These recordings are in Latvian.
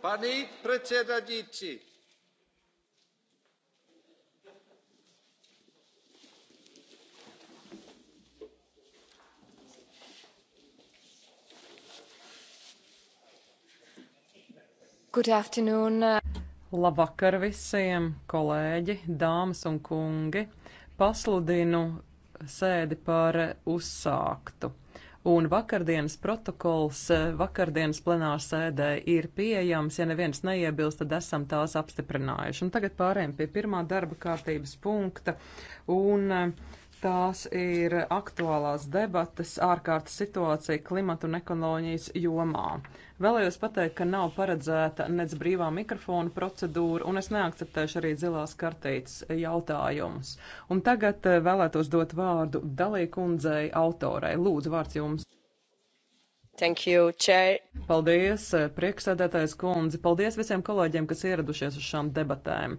Pani predsedajúci. Uh, Labvakar visiem, kolēģi, dāmas un kungi! Pasludinu sēdi par uzsāktu un vakardienas protokols eh, vakardienas plenārsēdē ir pieejams. Ja neviens neiebilst, tad esam tās apstiprinājuši. Un tagad pārējiem pie pirmā darba kārtības punkta. Un, eh, Tās ir aktuālās debates ārkārtas situācija klimatu un ekonomijas jomā. Vēlējos pateikt, ka nav paredzēta nec brīvā mikrofona procedūra, un es neakceptēšu arī zilās kartītes jautājumus. Un tagad eh, vēlētos dot vārdu dalīkundzei autorei. Lūdzu, vārds jums! Thank you, Chair. Paldies, eh, priekšsēdētājs kundze. Paldies visiem kolēģiem, kas ieradušies uz šām debatēm.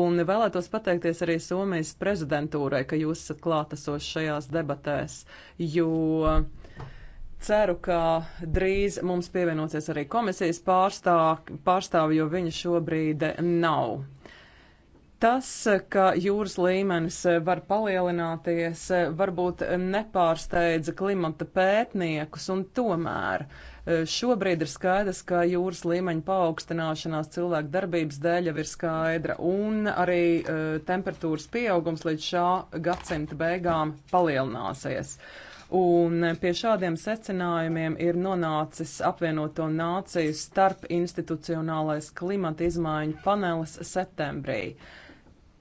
Un vēlētos pateikties arī Somijas prezidentūrai, ka jūs esat klātesos šajās debatēs, jo ceru, ka drīz mums pievienosies arī komisijas pārstāv, pārstāvi, jo viņa šobrīd nav. Tas, ka jūras līmenis var palielināties, varbūt nepārsteidza klimata pētniekus, un tomēr e, šobrīd ir skaidrs, ka jūras līmeņa paaugstināšanās cilvēku darbības dēļ jau ir skaidra, un arī uh, temperatūras pieaugums līdz šā gadsimta beigām palielināsies. Un pie šādiem secinājumiem ir nonācis apvienoto nāciju starp institucionālais klimata izmaiņu panelis septembrī. Uh,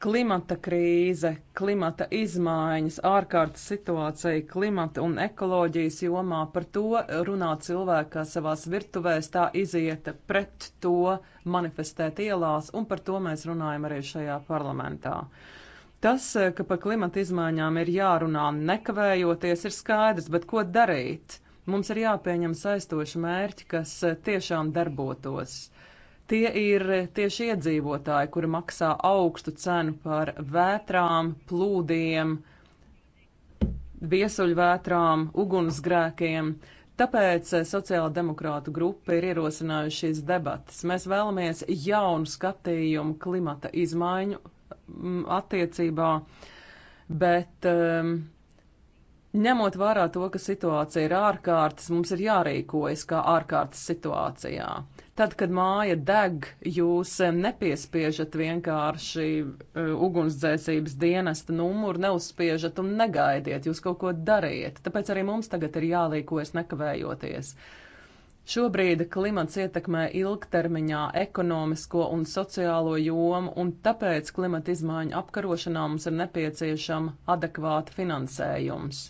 Klimata krīze, klimata izmaiņas, ārkārtas situācija klimata un ekoloģijas jomā par to runā cilvēki, kas savās virtuvēs tā iziet pret to, manifestēt ielās, un par to mēs runājam arī šajā parlamentā. Tas, ka par klimata izmaiņām ir jārunā nekavējoties, ir skaidrs, bet ko darīt? Mums ir jāpieņem saistoši mērķi, kas tiešām darbotos. Tie ir tieši iedzīvotāji, kuri maksā augstu cenu par vētrām, plūdiem, viesuļvētrām, ugunsgrēkiem. Tāpēc sociāla demokrātu grupa ir ierosinājusi šīs debatas. Mēs vēlamies jaunu skatījumu klimata izmaiņu mm, attiecībā, bet um, ņemot vērā to, ka situācija ir ārkārtas, mums ir jārīkojas kā ārkārtas situācijā. Tad, kad māja deg, jūs nepiespiežat vienkārši eh, ugunsdzēsības dienesta numuru, neuzspiežat un negaidiet, jūs kaut ko dariet. Tāpēc arī mums tagad ir jālīkojas nekavējoties. Šobrīd klimats ietekmē ilgtermiņā ekonomisko un sociālo jomu, un tāpēc klimata izmaiņu apkarošanā mums ir nepieciešama adekvāta finansējums.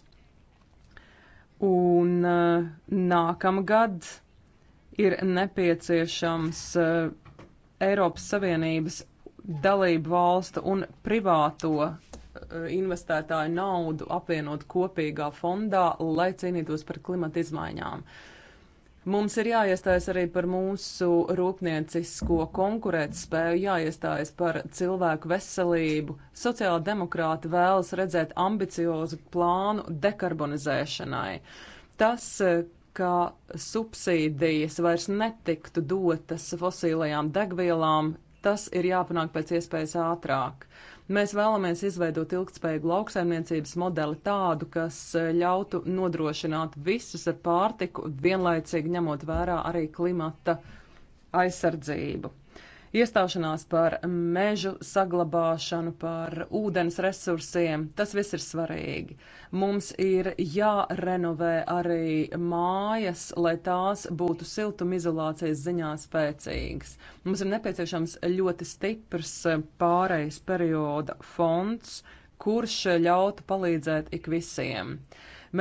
Un eh, nākamgad ir nepieciešams eh, Eiropas Savienības dalību valstu un privāto eh, investētāju naudu apvienot kopīgā fondā, lai cīnītos par klimata izmaiņām. Mums ir jāiestājas arī par mūsu rūpniecisko konkurētspēju, jāiestājas par cilvēku veselību. Sociāla demokrāta vēlas redzēt ambiciozu plānu dekarbonizēšanai. Tas, eh, ka subsīdijas vairs netiktu dotas fosilajām degvielām, tas ir jāpanāk pēc iespējas ātrāk. Mēs vēlamies izveidot ilgspējīgu lauksaimniecības modeli tādu, kas ļautu nodrošināt visus ar pārtiku, vienlaicīgi ņemot vērā arī klimata aizsardzību. Iestāšanās par mežu saglabāšanu, par ūdens resursiem, tas viss ir svarīgi. Mums ir jārenovē arī mājas, lai tās būtu siltumizolācijas ziņā spēcīgas. Mums ir nepieciešams ļoti stiprs pārejas perioda fonds, kurš ļautu palīdzēt ik visiem.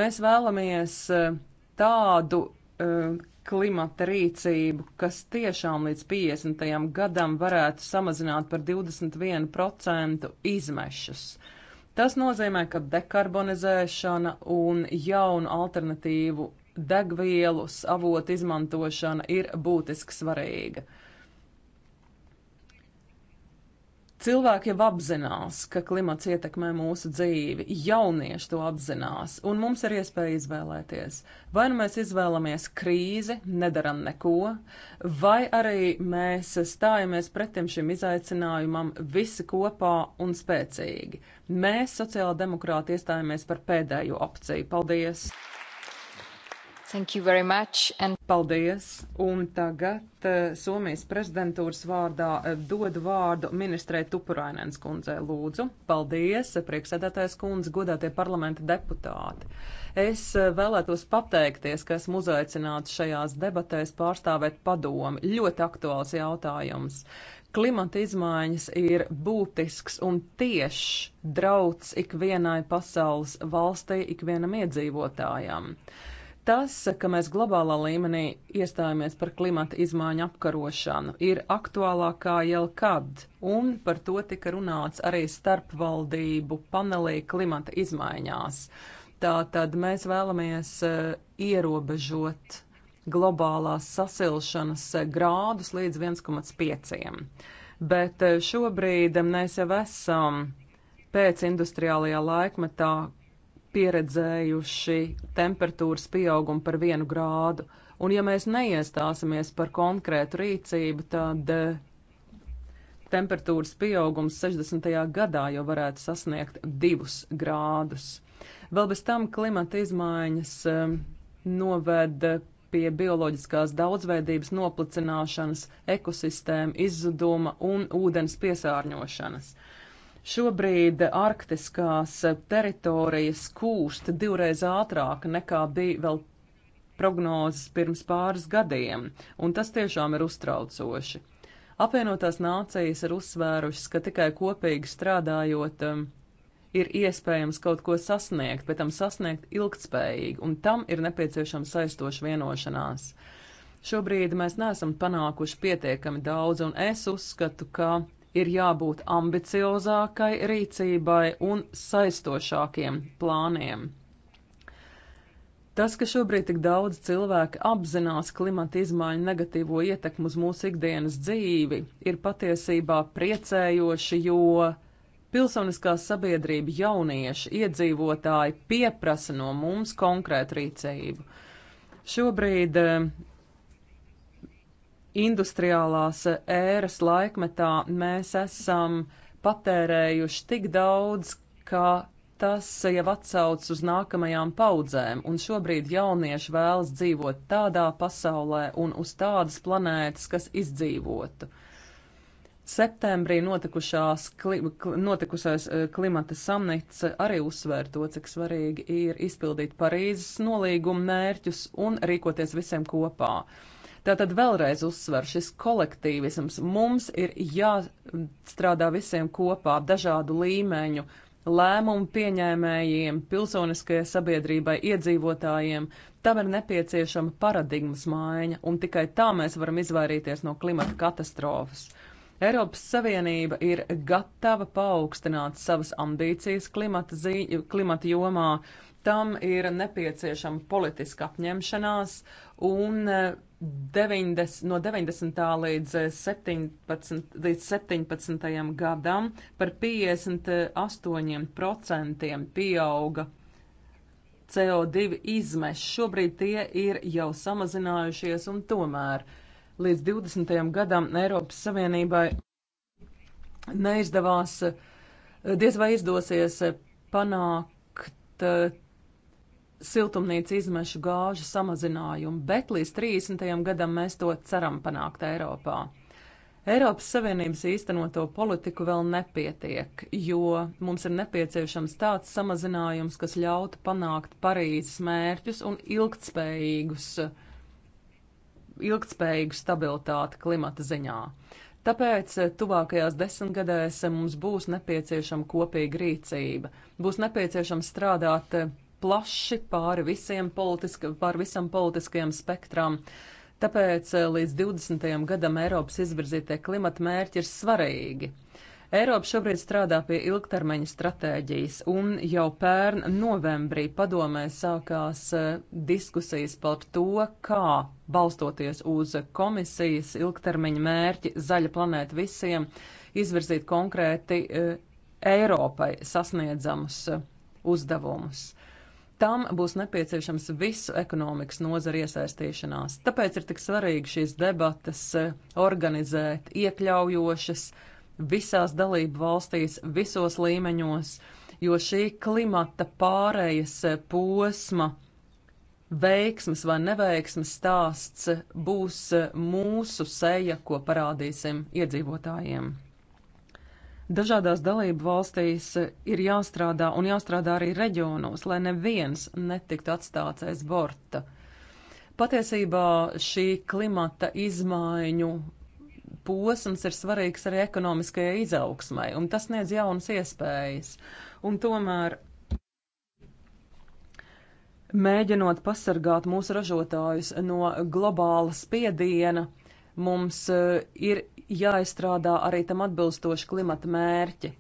Mēs vēlamies eh, tādu eh, klimata rīcību, kas tiešām līdz 50. gadam varētu samazināt par 21% izmešus. Tas nozīmē, ka dekarbonizēšana un jaunu alternatīvu degvielu avotu izmantošana ir būtiski svarīga. Cilvēki jau apzinās, ka klimats ietekmē mūsu dzīvi, jaunieši to apzinās, un mums ir iespēja izvēlēties. Vai nu mēs izvēlamies krīzi, nedaram neko, vai arī mēs stājamies pretim šim izaicinājumam visi kopā un spēcīgi. Mēs, sociāla demokrāti, iestājāmies par pēdējo opciju. Paldies! And... Paldies! Un tagad uh, Somijas prezidentūras vārdā uh, dodu vārdu ministrē Tupurainens kundzei lūdzu. Paldies, eh, prieksēdētājs kundze, godātie parlamenta deputāti! Es uh, vēlētos pateikties, ka esmu uzaicināts šajās debatēs pārstāvēt padomu. Ļoti aktuāls jautājums. Klimata izmaiņas ir būtisks un tiešs drauds ikvienai pasaules valstī, ikvienam iedzīvotājam. Uh, Tas, ka mēs globālā līmenī iestājāmies par klimata izmaiņu apkarošanu, ir aktuālākā jau kad, un par to tika runāts arī starpvaldību panelī klimata izmaiņās. Tātad mēs vēlamies eh, ierobežot globālās sasilšanas eh, grādus līdz 1,5. Bet eh, šobrīd mēs jau esam pēc industriālajā laikmetā, pieredzējuši temperatūras pieaugumu par vienu grādu. Un ja mēs neiestāsimies par konkrētu rīcību, tad eh, temperatūras pieaugums 60. gadā jau varētu sasniegt divus grādus. Vēl bez tam klimata izmaiņas eh, noved pie bioloģiskās daudzveidības noplicināšanas, ekosistēma izzuduma un ūdens piesārņošanas. Uh, Šobrīd arktiskās teritorijas kūst divreiz ātrāk nekā bija vēl prognozes pirms pāris gadiem, un tas tiešām ir uztraucoši. Apvienotās nācijas ir uzsvērušas, ka tikai kopīgi strādājot um, ir iespējams kaut ko sasniegt, bet tam sasniegt ilgtspējīgi, un tam ir nepieciešama saistoša vienošanās. Šobrīd mēs neesam panākuši pietiekami daudz, un es uzskatu, ka ir jābūt ambiciozākai rīcībai un saistošākiem plāniem. Tas, ka šobrīd tik daudz cilvēku apzinās klimata izmaiņu negatīvo ietekmu uz mūsu ikdienas dzīvi, ir patiesībā priecējoši, jo pilsoniskā sabiedrība, jaunieši, iedzīvotāji pieprasa no mums konkrētu rīcību. Šobrīd industriālās ēras laikmetā mēs esam patērējuši tik daudz, ka tas jau atsauc uz nākamajām paudzēm, un šobrīd jaunieši vēlas dzīvot tādā pasaulē un uz tādas planētas, kas izdzīvotu. Septembrī kli, notikušais eh, klimata samnits arī uzsvēr to, cik svarīgi ir izpildīt Parīzes nolīguma mērķus un rīkoties visiem kopā. Uh, Tātad vēlreiz uzsver šis kolektīvisms. Mums ir jāstrādā visiem kopā dažādu līmeņu lēmumu pieņēmējiem, pilsoniskajai sabiedrībai, iedzīvotājiem. Tam ir nepieciešama paradigmas maiņa, un tikai tā mēs varam izvairīties no klimata katastrofas. Eiropas Savienība ir gatava paaugstināt savas ambīcijas klimata, zī, klimata jomā. Tam ir nepieciešama politiska apņemšanās un eh, 90, no 90. līdz 17, līdz 17. gadam par 58% pieauga CO2 izmeši. Šobrīd tie ir jau samazinājušies un tomēr līdz 20. gadam Eiropas Savienībai neizdevās, diez vai izdosies panākt siltumnīca izmešu gāžu samazinājumu, bet līdz 30. gadam mēs to ceram panākt Eiropā. Eiropas Savienības īstenoto politiku vēl nepietiek, jo mums ir nepieciešams tāds samazinājums, kas ļautu panākt Parīzes mērķus un ilgtspējīgus, ilgtspējīgu stabilitāti klimata ziņā. Tāpēc eh, tuvākajās desmitgadēs eh, mums būs nepieciešama kopīga rīcība, būs nepieciešams strādāt eh, plaši pāri, visiem politiska, pāri visam politiskajam spektram. Tāpēc eh, līdz 20. gadam Eiropas izvirzītie klimata mērķi ir svarīgi. Eiropa šobrīd strādā pie ilgtermiņa stratēģijas, un jau pērn novembrī padomē sākās eh, diskusijas par to, kā, balstoties uz komisijas ilgtermiņa mērķi zaļa planēta visiem, izvirzīt konkrēti eh, Eiropai sasniedzamus uzdevumus. Tam būs nepieciešams visu ekonomikas nozari iesaistīšanās. Tāpēc ir tik svarīgi šīs debatas eh, organizēt iekļaujošas visās dalību valstīs, visos līmeņos, jo šī klimata pārējas eh, posma veiksmes vai neveiksmes stāsts eh, būs mūsu seja, ko parādīsim iedzīvotājiem. Dažādās dalību valstīs ir jāstrādā un jāstrādā arī reģionos, lai neviens netiktu atstāts aiz borta. Patiesībā šī klimata izmaiņu posms ir svarīgs arī ekonomiskajai izaugsmai, un tas sniedz jaunas iespējas. Un tomēr mēģinot pasargāt mūsu ražotājus no globāla spiediena, mums eh, ir jāizstrādā arī tam atbilstoši klimata mērķi.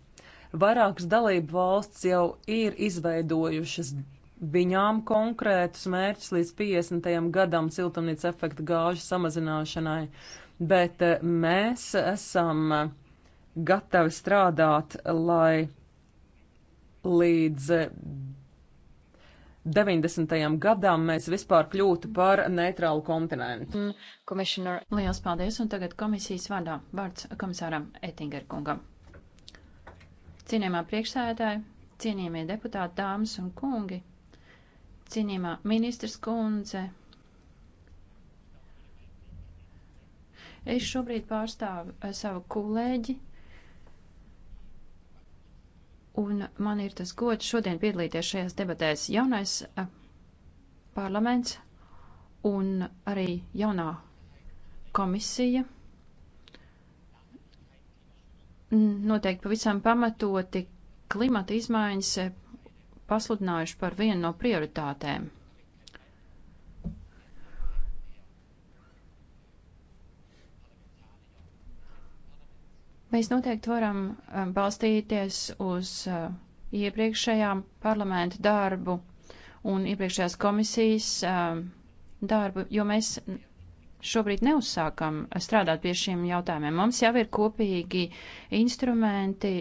Vairākas dalību valsts jau ir izveidojušas viņām konkrētus mērķus līdz 50. gadam siltumnīca efekta gāžu samazināšanai, bet eh, mēs esam gatavi strādāt, lai līdz eh, 90. gadam mēs vispār kļūtu par neitrālu kontinentu. Komisāra, mm, liels paldies, un tagad komisijas vārdā vārds komisāram Ettinger kungam. Cienījamā priekšsēdētāja, cienījamie deputāti, dāmas un kungi, cienījamā ministrs kundze, es šobrīd pārstāvu eh, savu kolēģi un man ir tas gods šodien piedalīties šajās debatēs. Jaunais eh, parlaments un arī jaunā komisija noteikti pavisam pamatoti klimata izmaiņas eh, pasludinājuši par vienu no prioritātēm. Mēs noteikti varam eh, balstīties uz eh, iepriekšējām parlamentu darbu un iepriekšējās komisijas eh, darbu, jo mēs šobrīd neuzsākam strādāt pie šiem jautājumiem. Mums jau ir kopīgi instrumenti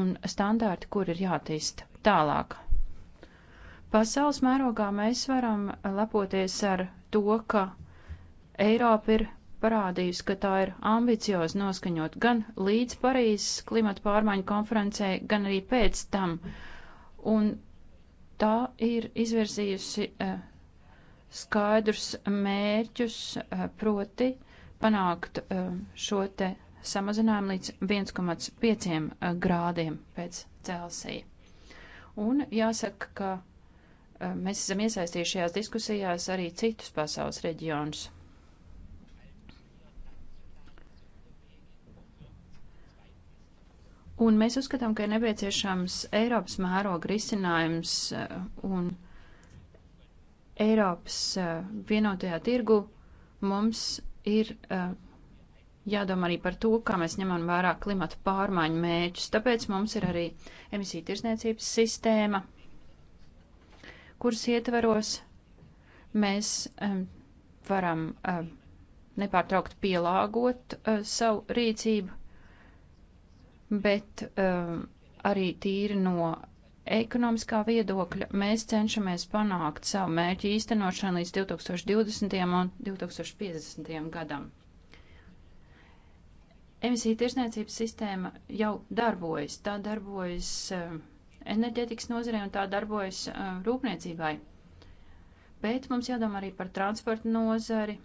un standārti, kur ir jātīst tālāk. Pasaules mērogā mēs varam lepoties ar to, ka Eiropa ir parādījusi, ka tā ir ambiciozi noskaņot gan līdz Parīzes klimata pārmaiņu konferencē, gan arī pēc tam. Un tā ir izvirzījusi eh, skaidrus mērķus, eh, proti panākt eh, šo te samazinājumu līdz 1,5 grādiem pēc Celsija. Un jāsaka, ka mēs esam iesaistījušies diskusijās arī citus pasaules reģionus. Un mēs uzskatām, ka ir nepieciešams Eiropas mēroga risinājums eh, un Eiropas eh, vienotajā tirgu mums ir eh, jādomā arī par to, kā mēs ņemam vērā klimata pārmaiņu mēģus. Tāpēc mums ir arī emisiju tirsniecības sistēma, kuras ietveros mēs varam nepārtraukt pielāgot savu rīcību bet um, arī tīri no ekonomiskā viedokļa mēs cenšamies panākt savu mērķu īstenošanu līdz 2020. un 2050. gadam. Emisija tirsniecības sistēma jau darbojas. Tā darbojas um, enerģetikas nozarē un tā darbojas um, rūpniecībai. Bet mums jādomā arī par transporta nozari.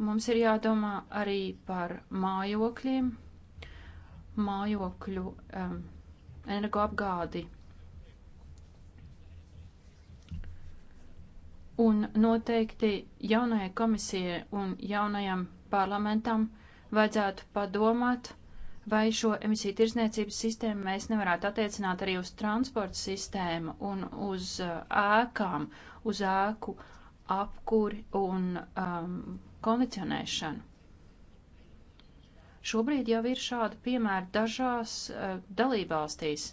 Mums ir jādomā arī par mājokļiem, mājokļu um, energoapgādi. Un noteikti jaunajai komisijai un jaunajam parlamentam vajadzētu padomāt, vai šo emisiju tirzniecības sistēmu mēs nevarētu attiecināt arī uz transporta sistēmu un uz uh, ēkām, uz ēku apkuri un um, kondicionēšanu. Šobrīd jau ir šādi piemēri dažās uh, dalībvalstīs,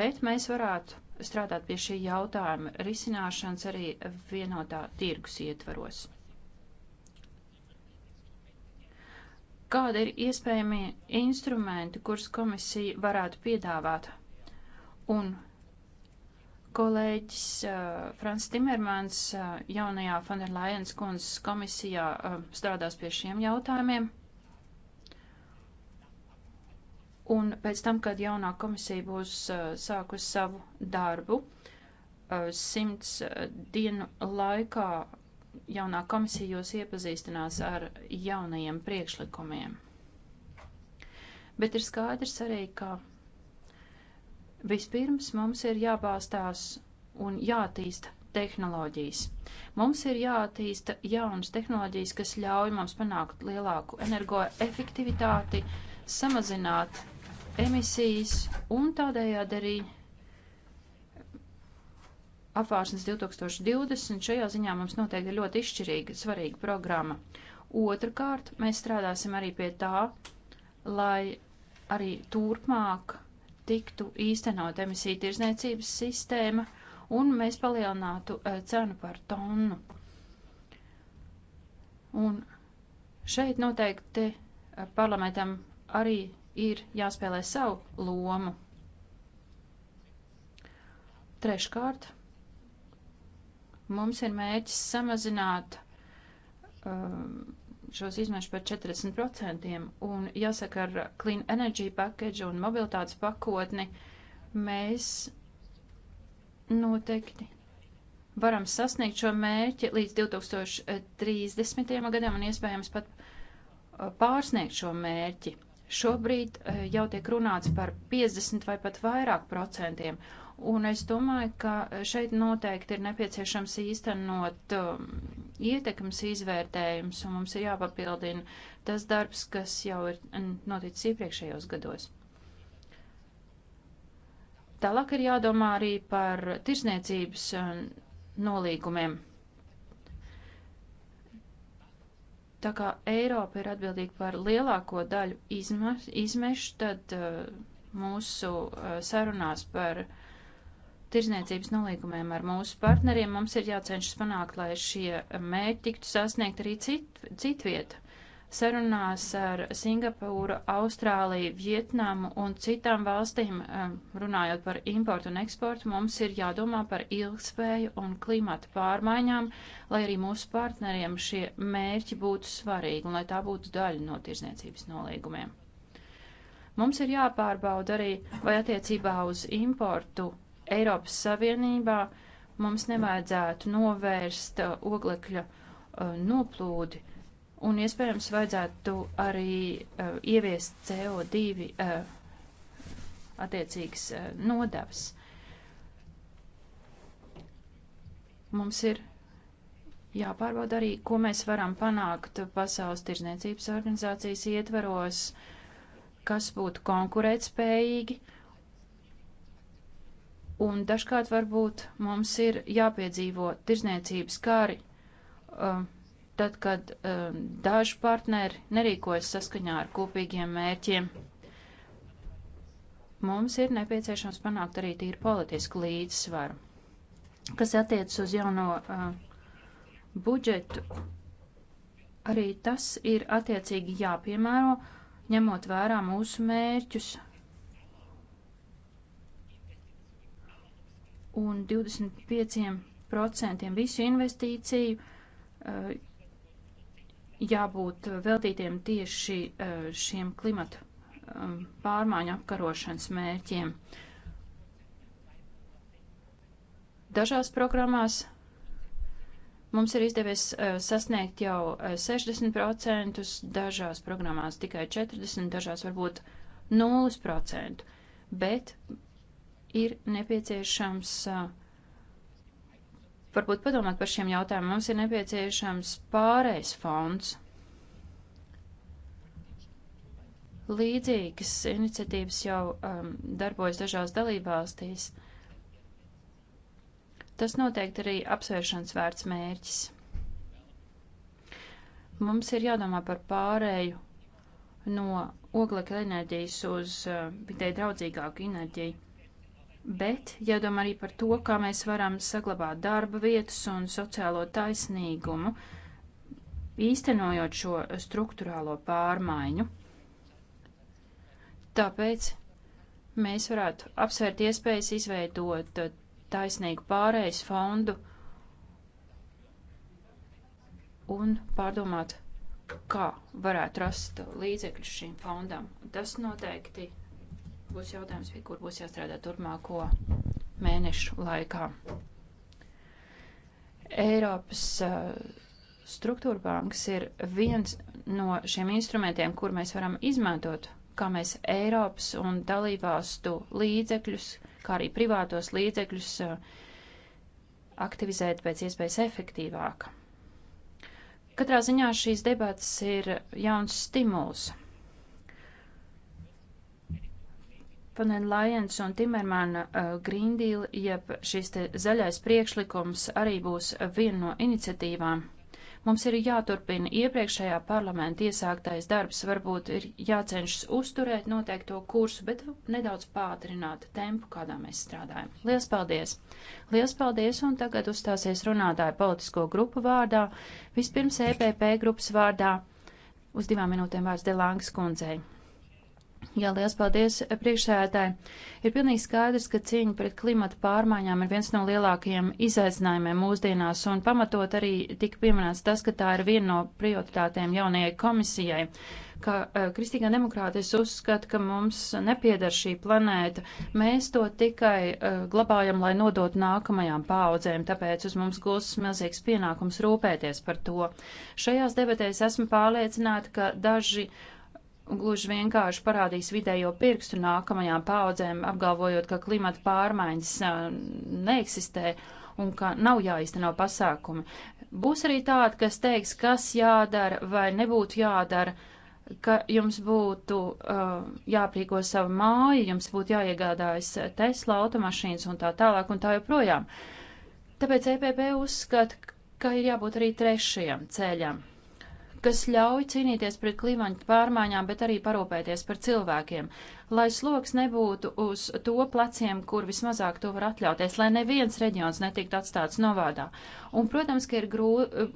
bet mēs varētu strādāt pie šī jautājuma risināšanas arī vienotā tirgus ietvaros. Kādi ir iespējamie instrumenti, kurus komisija varētu piedāvāt? Un kolēģis uh, Frans Timermans uh, jaunajā Fanderlajens kundzes komisijā uh, strādās pie šiem jautājumiem. un pēc tam, kad jaunā komisija būs eh, sākusi savu darbu, eh, simts eh, dienu laikā jaunā komisija jūs iepazīstinās ar jaunajiem priekšlikumiem. Bet ir skaidrs arī, ka vispirms mums ir jābalstās un jātīsta tehnoloģijas. Mums ir jātīsta jaunas tehnoloģijas, kas ļauj mums panākt lielāku energoefektivitāti, samazināt emisijas un tādējādi arī apvārsnes 2020. Šajā ziņā mums noteikti ir ļoti izšķirīga, svarīga programma. Otrakārt, mēs strādāsim arī pie tā, lai arī turpmāk tiktu īstenot emisiju tirzniecības sistēma un mēs palielinātu eh, cenu par tonu. Un šeit noteikti eh, parlamentam arī ir jāspēlē savu lomu. Treškārt, mums ir mērķis samazināt um, šos izmešus par 40%, un jāsaka ar Clean Energy package un mobilitātes pakotni, mēs noteikti varam sasniegt šo mērķi līdz 2030. gadam un iespējams pat uh, pārsniegt šo mērķi. Šobrīd eh, jau tiek runāts par 50 vai pat vairāk procentiem, un es domāju, ka eh, šeit noteikti ir nepieciešams īstenot um, ietekmes izvērtējums, un mums ir jāpapildina tas darbs, kas jau ir noticis iepriekšējos gados. Tālāk ir jādomā arī par tirsniecības um, nolīgumiem. Tā kā Eiropa ir atbildīga par lielāko daļu izmešu, tad uh, mūsu uh, sarunās par tirzniecības nolīgumiem ar mūsu partneriem mums ir jācenšas panākt, lai šie mērķi tiktu sasniegt arī cit, citvieta sarunās ar Singapūru, Austrāliju, Vietnamu un citām valstīm, um, runājot par importu un eksportu, mums ir jādomā par ilgspēju un klimata pārmaiņām, lai arī mūsu partneriem šie mērķi būtu svarīgi un lai tā būtu daļa no tirzniecības nolīgumiem. Mums ir jāpārbauda arī, vai attiecībā uz importu Eiropas Savienībā mums nevajadzētu novērst uh, oglekļa uh, noplūdi Un iespējams vajadzētu arī uh, ieviest CO2 uh, eh, attiecīgas uh, nodevas. Mums ir jāpārbauda arī, ko mēs varam panākt Pasaules tirzniecības organizācijas ietveros, kas būtu konkurētspējīgi. Un dažkārt varbūt mums ir jāpiedzīvo tirzniecības kāri. Uh, tad, kad um, daži partneri nerīkojas saskaņā ar kopīgiem mērķiem. Mums ir nepieciešams panākt arī tīri politisku līdzsvaru, kas attiecas uz jauno uh, budžetu. Arī tas ir attiecīgi jāpiemēro, ņemot vērā mūsu mērķus. Un 25% visu investīciju uh, jābūt eh, veltītiem tieši eh, šiem klimatu eh, pārmaiņu apkarošanas mērķiem. Dažās programmās mums ir izdevies sasniegt jau 60%, dažās programmās tikai 40%, dažās varbūt 0%, bet ir nepieciešams uh, varbūt padomāt par šiem jautājumiem. Mums ir nepieciešams pārējais fonds. Līdzīgas iniciatīvas jau um, darbojas dažās dalībvalstīs. Tas noteikti arī apsvēršanas vērts mērķis. Mums ir jādomā par pārēju no oglekļa enerģijas uz uh, vidē draudzīgāku enerģiju. Bet jādomā arī par to, kā mēs varam saglabāt darba vietas un sociālo taisnīgumu, īstenojot šo struktūrālo pārmaiņu. Tāpēc mēs varētu apsvērt iespējas izveidot taisnīgu pārējais fondu un pārdomāt, kā varētu rast līdzekļus šīm fondām. Tas noteikti būs jautājums, pie kur būs jāstrādā turpmāko mēnešu laikā. Eiropas eh, struktūra bankas ir viens no šiem instrumentiem, kur mēs varam izmantot, kā mēs Eiropas un dalībvalstu līdzekļus, kā arī privātos līdzekļus eh, aktivizēt pēc iespējas efektīvāk. Katrā ziņā šīs debats ir jauns stimuls. Turunen Lajens un Timermana uh, Green Deal, jeb šis te zaļais priekšlikums arī būs viena no iniciatīvām. Mums ir jāturpina iepriekšējā parlamenta iesāktais darbs, varbūt ir jācenšas uzturēt noteikto kursu, bet nedaudz pātrināt tempu, kādā mēs strādājam. Lielas paldies! Lielas paldies, un tagad uzstāsies runātāja politisko grupu vārdā, vispirms EPP grupas vārdā. Uz divām minūtēm vārds Delāngas kundzei. Jā, liels paldies eh, priekšsēdētāji. Ir pilnīgi skaidrs, ka cīņa pret klimata pārmaiņām ir viens no lielākajiem izaicinājumiem mūsdienās, un pamatot arī tika pieminēts tas, ka tā ir viena no prioritātēm jaunajai komisijai. Kā uh, kristīgā demokrāta es uzskatu, ka mums nepieder šī planēta. Mēs to tikai uh, glabājam, lai nodotu nākamajām paudzēm, tāpēc uz mums gūs milzīgs pienākums rūpēties par to. Šajās debatēs esmu pārliecināta, ka daži uh, un gluži vienkārši parādīs vidējo pirkstu nākamajām paudzēm, apgalvojot, ka klimata pārmaiņas neeksistē un ka nav jāizteno pasākumi. Būs arī tādi, kas teiks, kas jādara vai nebūtu jādara, ka jums būtu uh, jāprīko savu māju, jums būtu jāiegādājas Tesla automašīnas un tā tālāk un tā joprojām. Tāpēc EPP uzskata, ka ir jābūt arī trešajam ceļam kas ļauj cīnīties pret klimata pārmaiņām, bet arī parūpēties par cilvēkiem lai sloks nebūtu uz to pleciem, kur vismazāk to var atļauties, lai neviens reģions netiktu atstāts novādā. Un, protams, ka ir grū,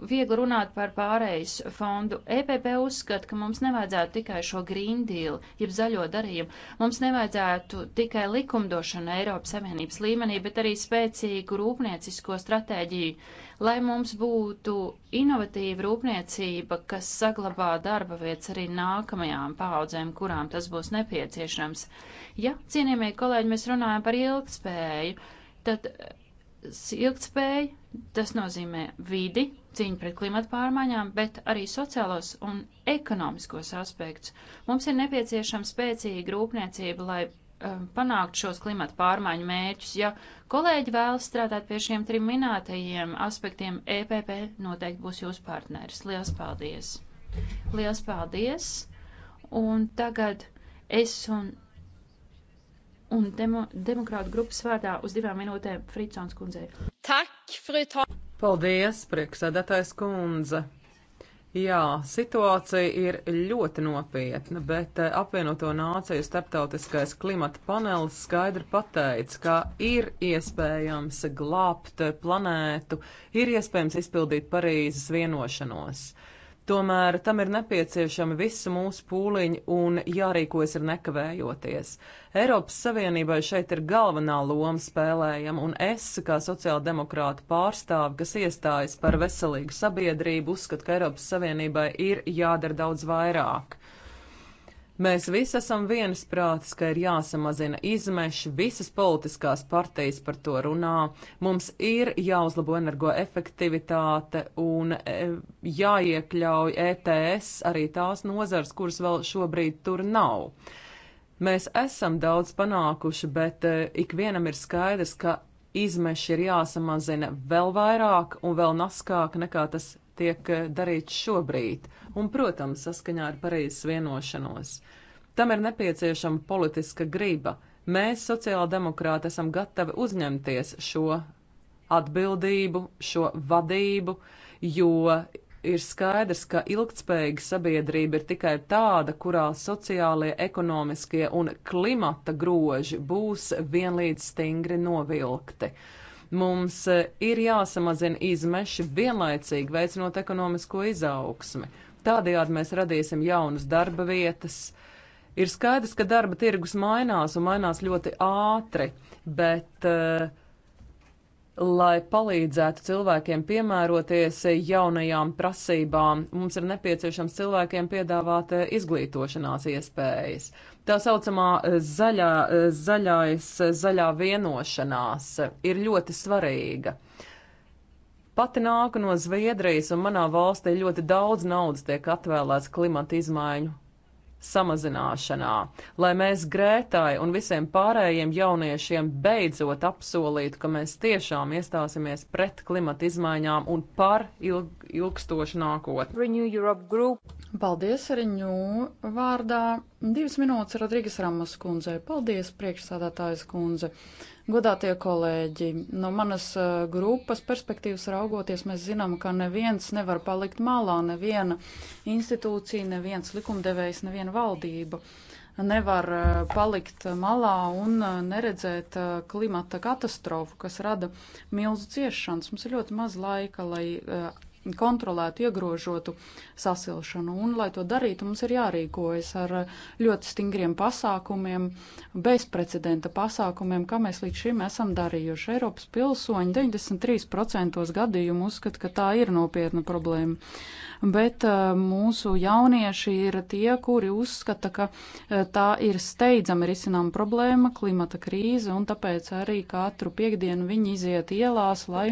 viegli runāt par pārējais fondu. EPP uzskata, ka mums nevajadzētu tikai šo Green Deal, jeb zaļo darījumu, mums nevajadzētu tikai likumdošanu Eiropas Savienības līmenī, bet arī spēcīgu rūpniecisko stratēģiju, lai mums būtu inovatīva rūpniecība, kas saglabā darba vietas arī nākamajām paudzēm, kurām tas būs nepieciešams nepieciešams. Ja, cienījamie kolēģi, mēs runājam par ilgspēju, tad ilgspēja tas nozīmē vidi, cīņu pret klimatu pārmaiņām, bet arī sociālos un ekonomiskos aspektus. Mums ir nepieciešama spēcīga rūpniecība, lai um, panākt šos klimata pārmaiņu mērķus. Ja kolēģi vēlas strādāt pie šiem trim minētajiem aspektiem, EPP noteikti būs jūsu partneris. Lielas paldies! Lielas paldies! Un tagad Es un, un demo, demokrātu grupas vārdā uz divām minūtēm Fritsons kundzei. Tak, Frito! Paldies, prieksēdētājs kundze! Jā, situācija ir ļoti nopietna, bet eh, apvienoto nāciju starptautiskais klimata panelis skaidri pateica, ka ir iespējams glābt eh, planētu, ir iespējams izpildīt Parīzes vienošanos. Tomēr tam ir nepieciešama visa mūsu pūliņa un jārīkojas ar nekavējoties. Eiropas Savienībai šeit ir galvenā loma spēlējama, un es, kā sociāldemokrāta pārstāve, kas iestājas par veselīgu sabiedrību, uzskatu, ka Eiropas Savienībai ir jādara daudz vairāk. Mēs visi esam viensprātis, ka ir jāsamazina izmeši, visas politiskās partijas par to runā, mums ir jāuzlabo energoefektivitāte un e, jāiekļauj ETS arī tās nozars, kuras vēl šobrīd tur nav. Mēs esam daudz panākuši, bet e, ikvienam ir skaidrs, ka izmeši ir jāsamazina vēl vairāk un vēl naskāk nekā tas tiek eh, darīts šobrīd, un, protams, saskaņā ar Parīzes vienošanos. Tam ir nepieciešama politiska griba. Mēs, sociāldemokrāti, esam gatavi uzņemties šo atbildību, šo vadību, jo ir skaidrs, ka ilgtspējīga sabiedrība ir tikai tāda, kurā sociālie, ekonomiskie un klimata groži būs vienlīdz stingri novilkti. Mums e, ir jāsamazina izmeši vienlaicīgi veicinot ekonomisko izaugsmi. Tādējādi mēs radīsim jaunas darba vietas. Ir skaidrs, ka darba tirgus mainās un mainās ļoti ātri, bet uh, Lai palīdzētu cilvēkiem piemēroties jaunajām prasībām, mums ir nepieciešams cilvēkiem piedāvāt e, izglītošanās iespējas. Tā saucamā eh, zaļā, eh, zaļais, eh, zaļā vienošanās ir ļoti svarīga. Pati nāku no Zviedrijas, un manā valstī ļoti daudz naudas tiek atvēlēts klimata izmaiņu samazināšanā, lai mēs Grētai un visiem pārējiem jauniešiem beidzot apsolītu, ka mēs tiešām iestāsimies pret klimata izmaiņām un par ilg ilgstošu nākotni. Paldies, Riņū vārdā. Divas minūtes Rodrīgas Ramas kundzei. Paldies, priekšsādātājas kundze. Godātie kolēģi, no manas uh, grupas perspektīvas raugoties, mēs zinām, ka neviens nevar palikt malā, neviena institūcija, neviens likumdevējs, neviena valdība nevar uh, palikt malā un uh, neredzēt klimata katastrofu, kas rada milzu ciešanas. Mums ir ļoti maz laika, lai kontrolētu, iegrožotu sasilšanu. Un, lai to darītu, mums ir jārīkojas ar ļoti stingriem pasākumiem, bezprecedenta pasākumiem, kā mēs līdz šim esam darījuši. Eiropas pilsoņi 93% gadījumu uzskata, ka tā ir nopietna problēma. Bet uh, mūsu jaunieši ir tie, kuri uzskata, ka uh, tā ir steidzami risinām problēma, klimata krīze, un tāpēc arī katru piekdienu viņi iziet ielās, lai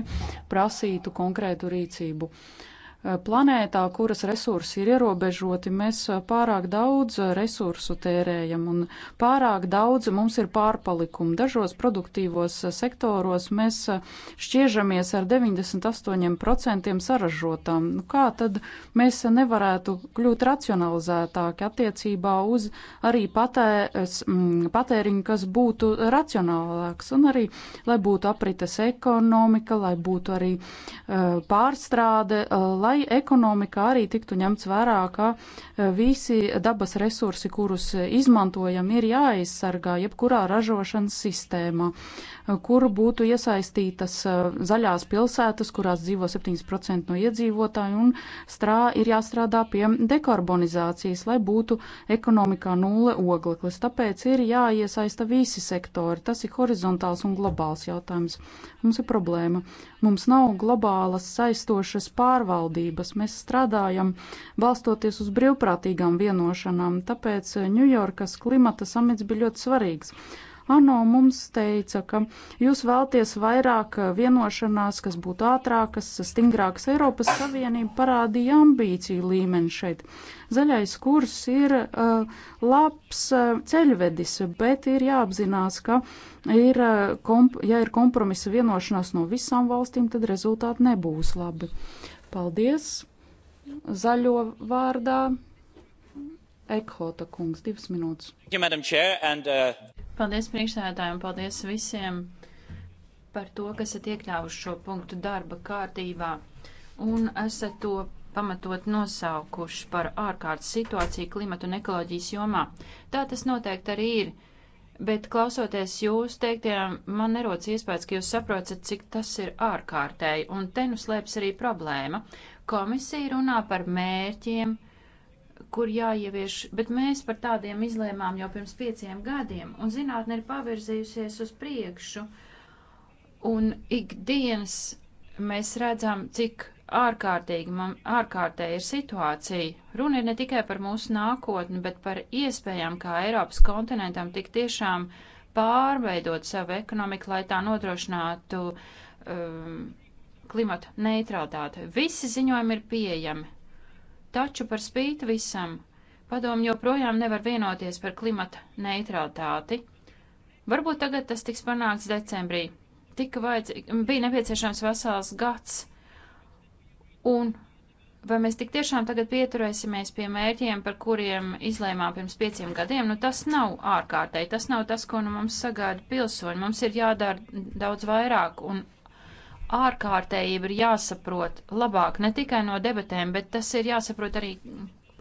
prasītu konkrētu rīcību. Uh, Eh, planētā, kuras resursi ir ierobežoti, mēs eh, pārāk daudz eh, resursu tērējam un pārāk daudz mums ir pārpalikumu. Dažos produktīvos sektoros mēs šķiežamies ar 98% saražotām. Nu, kā tad mēs nevarētu kļūt racionalizētāki attiecībā uz arī patēs, mm, patēriņu, kas būtu racionālāks un arī, lai būtu aprites ekonomika, lai būtu arī uh, pārstrāde, uh, lai lai ekonomikā arī tiktu ņemts vērā, ka e, visi dabas resursi, kurus e, izmantojam, ir jāaizsargā jebkurā ražošanas sistēmā kur būtu iesaistītas eh, zaļās pilsētas, kurās dzīvo 7% no iedzīvotāju, un strā, ir jāstrādā pie dekarbonizācijas, lai būtu ekonomikā nulle ogleklis. Tāpēc ir jāiesaista visi sektori. Tas ir horizontāls un globāls jautājums. Mums ir problēma. Mums nav globālas saistošas pārvaldības. Mēs strādājam balstoties uz brīvprātīgām vienošanām. Tāpēc Ņujorkas klimata samits bija ļoti svarīgs. ANO mums teica, ka jūs vēlties vairāk vienošanās, kas būtu ātrākas, stingrākas. Eiropas Savienība parādīja ambīciju līmeni šeit. Zaļais kurs ir uh, labs uh, ceļvedis, bet ir jāapzinās, ka ir, uh, komp ja ir kompromisa vienošanās no visām valstīm, tad rezultāti nebūs labi. Paldies! Zaļo vārdā Ekhota kungs, divas minūtes. Paldies priekšsēdājiem, paldies visiem par to, ka esat iekļāvuši šo punktu darba kārtībā un esat to pamatot nosaukuši par ārkārtas situāciju klimatu un ekoloģijas jomā. Tā tas noteikti arī ir, bet klausoties jūs teiktiem, man nerodas iespējas, ka jūs saprotat, cik tas ir ārkārtēji, un te nu slēps arī problēma. Komisija runā par mērķiem, uh, kur jāievieš, bet mēs par tādiem izlēmām jau pirms pieciem gadiem, un zinātne ir pavirzījusies uz priekšu, un ikdienas mēs redzam, cik ārkārtīgi, man, ārkārtēji ir situācija. Runa ir ne tikai par mūsu nākotni, bet par iespējām, kā Eiropas kontinentam tik tiešām pārveidot savu ekonomiku, lai tā nodrošinātu um, klimatu neutralitāti. Visi ziņojumi ir pieejami, Taču par spīti visam padomu joprojām nevar vienoties par klimata neutralitāti. Varbūt tagad tas tiks panākts decembrī. Tika vajadz, bija nepieciešams vesels gads. Un vai mēs tik tiešām tagad pieturēsimies pie mērķiem, par kuriem izlēmām pirms pieciem gadiem, nu tas nav ārkārtēji, tas nav tas, ko no nu mums sagaida pilsoņi. Mums ir jādara daudz vairāk un ārkārtējība ir jāsaprot labāk ne tikai no debatēm, bet tas ir jāsaprot arī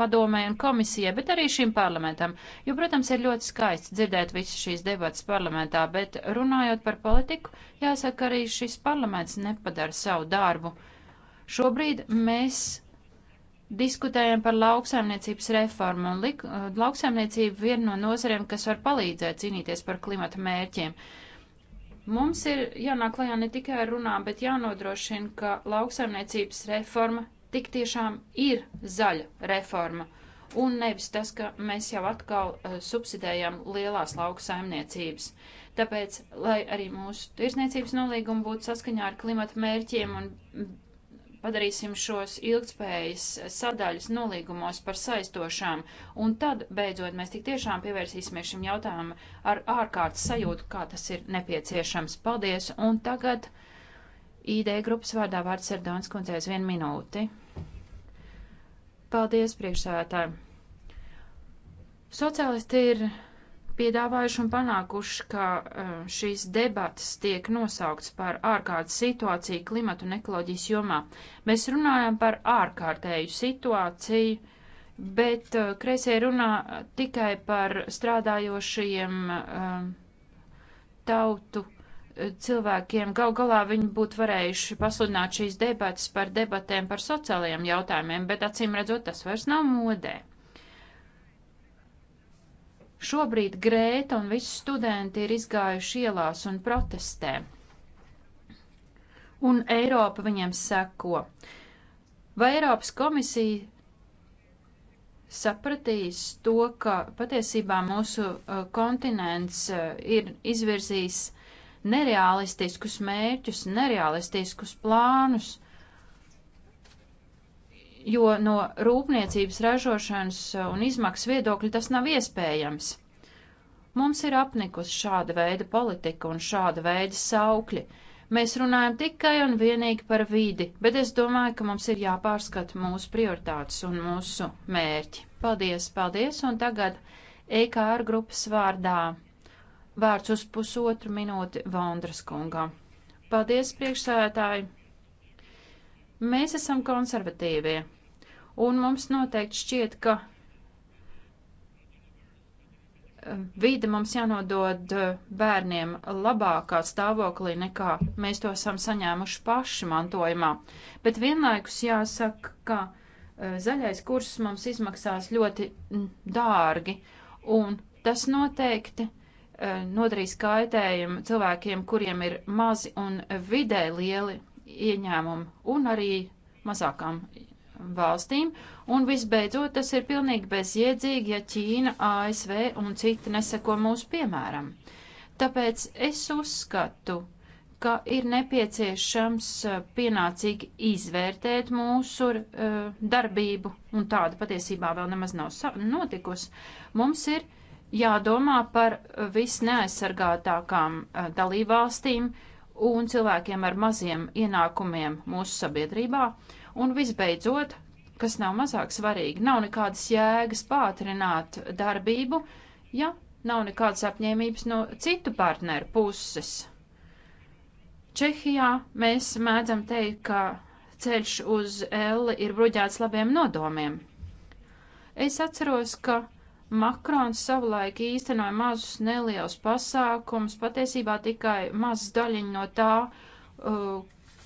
padomē un komisijai, bet arī šim parlamentam. Jo, protams, ir ļoti skaisti dzirdēt visas šīs debatas parlamentā, bet runājot par politiku, jāsaka, arī šis parlaments nepadara savu darbu. Šobrīd mēs diskutējam par lauksaimniecības reformu, un lauksaimniecība viena no nozarēm, kas var palīdzēt cīnīties par klimata mērķiem. Uh, Mums ir jānāk klajā ne tikai ar runām, bet jānodrošina, ka lauksaimniecības reforma tik tiešām ir zaļa reforma un nevis tas, ka mēs jau atkal uh, subsidējam lielās lauksaimniecības. Tāpēc, lai arī mūsu tirsniecības nolīgumi būtu saskaņā ar klimata mērķiem un padarīsim šos ilgspējas sadaļas nolīgumos par saistošām, un tad beidzot mēs tik tiešām pievērsīsimies šim jautājumam ar ārkārtas sajūtu, kā tas ir nepieciešams. Paldies, un tagad ID grupas vārdā vārds ir Dāns Kundzēs vienu minūti. Paldies, priekšsētāji. Sociālisti ir piedāvājuši un panākuši, ka e, šīs debatas tiek nosaukts par ārkārtas situāciju klimatu un ekoloģijas jomā. Mēs runājam par ārkārtēju situāciju, bet e, kreisie runā tikai par strādājošajiem e, tautu cilvēkiem. Gal galā viņi būtu varējuši pasludināt šīs debatas par debatēm par sociālajiem jautājumiem, bet acīm redzot, tas vairs nav modē. Šobrīd Grēta un visi studenti ir izgājuši ielās un protestē. Un Eiropa viņiem seko. Vai Eiropas komisija sapratīs to, ka patiesībā mūsu uh, kontinents uh, ir izvirzījis nereālistiskus mērķus, nereālistiskus plānus? Uh, jo no rūpniecības ražošanas un izmaksu viedokļa tas nav iespējams. Mums ir apnikusi šāda veida politika un šāda veida saukļi. Mēs runājam tikai un vienīgi par vidi, bet es domāju, ka mums ir jāpārskata mūsu prioritātes un mūsu mērķi. Paldies, paldies, un tagad EKR grupas vārdā vārds uz pusotru minūti Vondras kungam. Paldies, priekšsēdētāji! Mēs esam konservatīvie, un mums noteikti šķiet, ka eh, vide mums jānodod eh, bērniem labākā stāvoklī nekā mēs to esam saņēmuši paši mantojumā. Bet vienlaikus jāsaka, ka eh, zaļais kurs mums izmaksās ļoti mm, dārgi, un tas noteikti nodarīs kaitējumu cilvēkiem, kuriem ir mazi un vidē lieli ieņēmumu un arī mazākām valstīm. Un visbeidzot, tas ir pilnīgi bezjēdzīgi, ja Ķīna, ASV un citi neseko mūsu piemēram. Tāpēc es uzskatu, ka ir nepieciešams eh, pienācīgi izvērtēt mūsu uh, darbību, un tāda patiesībā vēl nemaz nav notikusi. Mums ir jādomā par visneaizsargātākām uh, dalībvalstīm, uh, un cilvēkiem ar maziem ienākumiem mūsu sabiedrībā. Un visbeidzot, kas nav mazāk svarīgi, nav nekādas jēgas pātrināt darbību, ja nav nekādas apņēmības no citu partneru puses. Čehijā mēs mēdzam teikt, ka ceļš uz Elli ir bruģēts labiem nodomiem. Es atceros, ka Makrons savulaik īstenoja mazus nelielus pasākums, patiesībā tikai mazas daļiņa no tā, uh,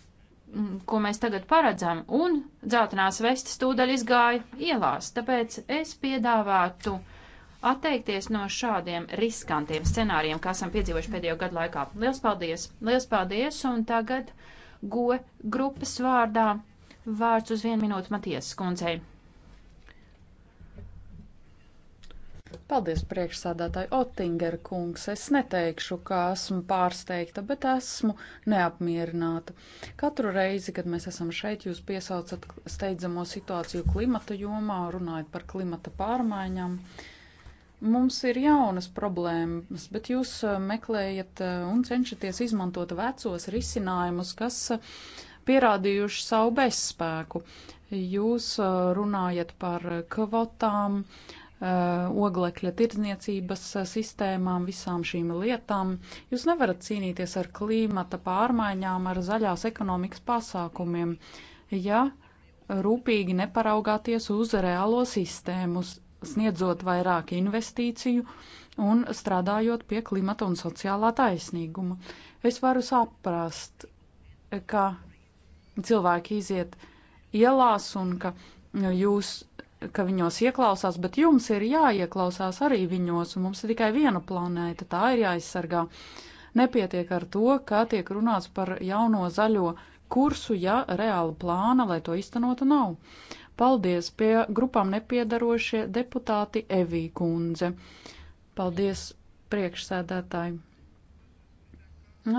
ko mēs tagad paredzam, un dzeltenās vestas tūdaļ izgāja ielās, tāpēc es piedāvātu atteikties no šādiem riskantiem scenārijiem, kā esam piedzīvojuši pēdējo gadu laikā. Liels paldies! Liels paldies! Un tagad go grupas vārdā vārds uz vienu minūtu Matijas kundzei. Paldies, priekšsādātāji Otingera kungs. Es neteikšu, ka esmu pārsteigta, bet esmu neapmierināta. Katru reizi, kad mēs esam šeit, jūs piesaucat steidzamo situāciju klimata jomā, runājat par klimata pārmaiņām. Mums ir jaunas problēmas, bet jūs uh, meklējat uh, un cenšaties izmantot vecos risinājumus, kas uh, pierādījuši savu bezspēku. Jūs runājat par kvotām Uh, oglekļa tirdzniecības uh, sistēmām, visām šīm lietām. Jūs nevarat cīnīties ar klimata pārmaiņām, ar zaļās ekonomikas pasākumiem, ja rūpīgi neparaugāties uz reālo sistēmu, sniedzot vairāk investīciju un strādājot pie klimata un sociālā taisnīguma. Es varu saprast, ka cilvēki iziet ielās un ka jūs ka viņos ieklausās, bet jums ir jāieklausās arī viņos, un mums ir tikai viena planēta, tā ir jāaizsargā. Nepietiek ar to, kā tiek runāts par jauno zaļo kursu, ja reāla plāna, lai to iztenotu, nav. Paldies pie grupām nepiedarošie deputāti Evī kundze. Paldies priekšsēdētāji.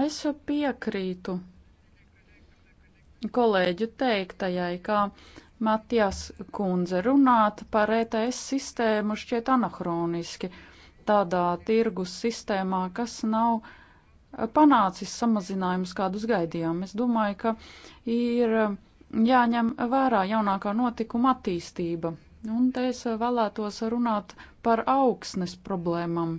Es piekrītu kolēģu teiktajai, ka Matijas kundze runāt par ETS sistēmu šķiet anahroniski tādā tirgus sistēmā, kas nav eh, panācis samazinājumus, kādus gaidījām. Es domāju, ka ir jāņem vērā jaunākā notikuma attīstība. Un te es vēlētos runāt par augsnes problēmām,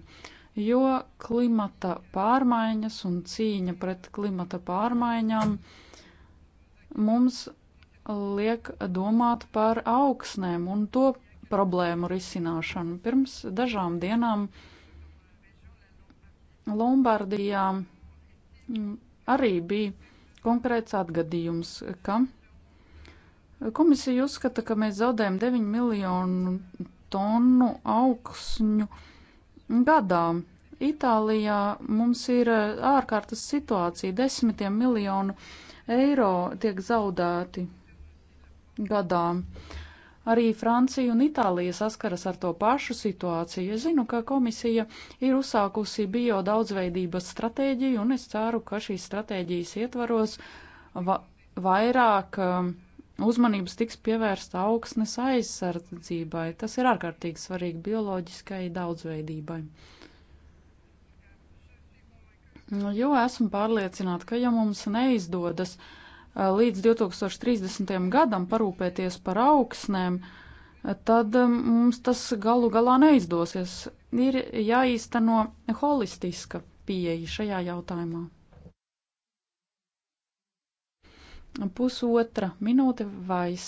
jo klimata pārmaiņas un cīņa pret klimata pārmaiņām mums liek domāt par augsnēm un to problēmu risināšanu. Pirms dažām dienām Lombardijā mm, arī bija konkrēts atgadījums, ka komisija uzskata, ka mēs zaudējam 9 miljonu tonu augsņu gadā. Itālijā mums ir eh, ārkārtas situācija, desmitiem miljonu eiro tiek zaudēti gadā. Arī Francija un Itālija saskaras ar to pašu situāciju. Es zinu, ka komisija ir uzsākusi bio daudzveidības stratēģiju, un es ceru, ka šīs stratēģijas ietvaros va vairāk um, uzmanības tiks pievērsta augsnes aizsardzībai. Tas ir ārkārtīgi svarīgi bioloģiskai daudzveidībai. Nu, jo esmu pārliecināta, ka ja mums neizdodas, uh, līdz 2030. gadam parūpēties par augsnēm, tad um, mums tas galu galā neizdosies. Ir jāīsteno holistiska pieeja šajā jautājumā. Pusotra minūte vais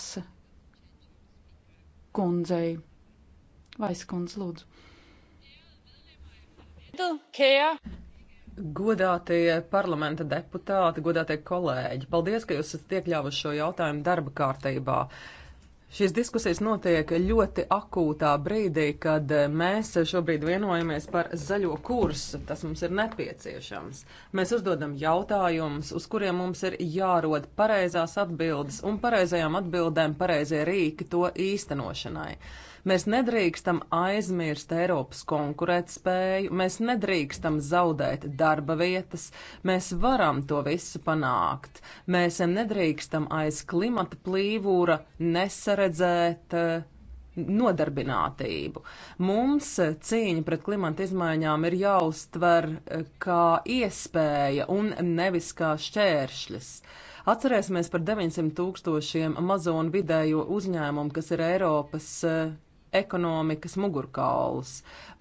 kundzei. Vais kundze, lūdzu. Kēja. Godātie parlamenta deputāti, godātie kolēģi, paldies, ka jūs esat iekļāvuši šo jautājumu darba kārtībā. Šīs diskusijas notiek ļoti akūtā brīdī, kad eh, mēs šobrīd vienojamies par zaļo kursu. Tas mums ir nepieciešams. Mēs uzdodam jautājumus, uz kuriem mums ir jārod pareizās atbildes un pareizajām atbildēm pareizie rīki to īstenošanai. Mēs nedrīkstam aizmirst Eiropas konkurētspēju, mēs nedrīkstam zaudēt darba vietas, mēs varam to visu panākt. Mēs nedrīkstam aiz klimata plīvūra nesargāt paredzēt eh, nodarbinātību. Mums eh, cīņa pret klimata izmaiņām ir jāuztver eh, kā iespēja un nevis kā šķēršļis. Atcerēsimies par 900 tūkstošiem mazo un vidējo uzņēmumu, kas ir Eiropas ekonomikas mugurkauls.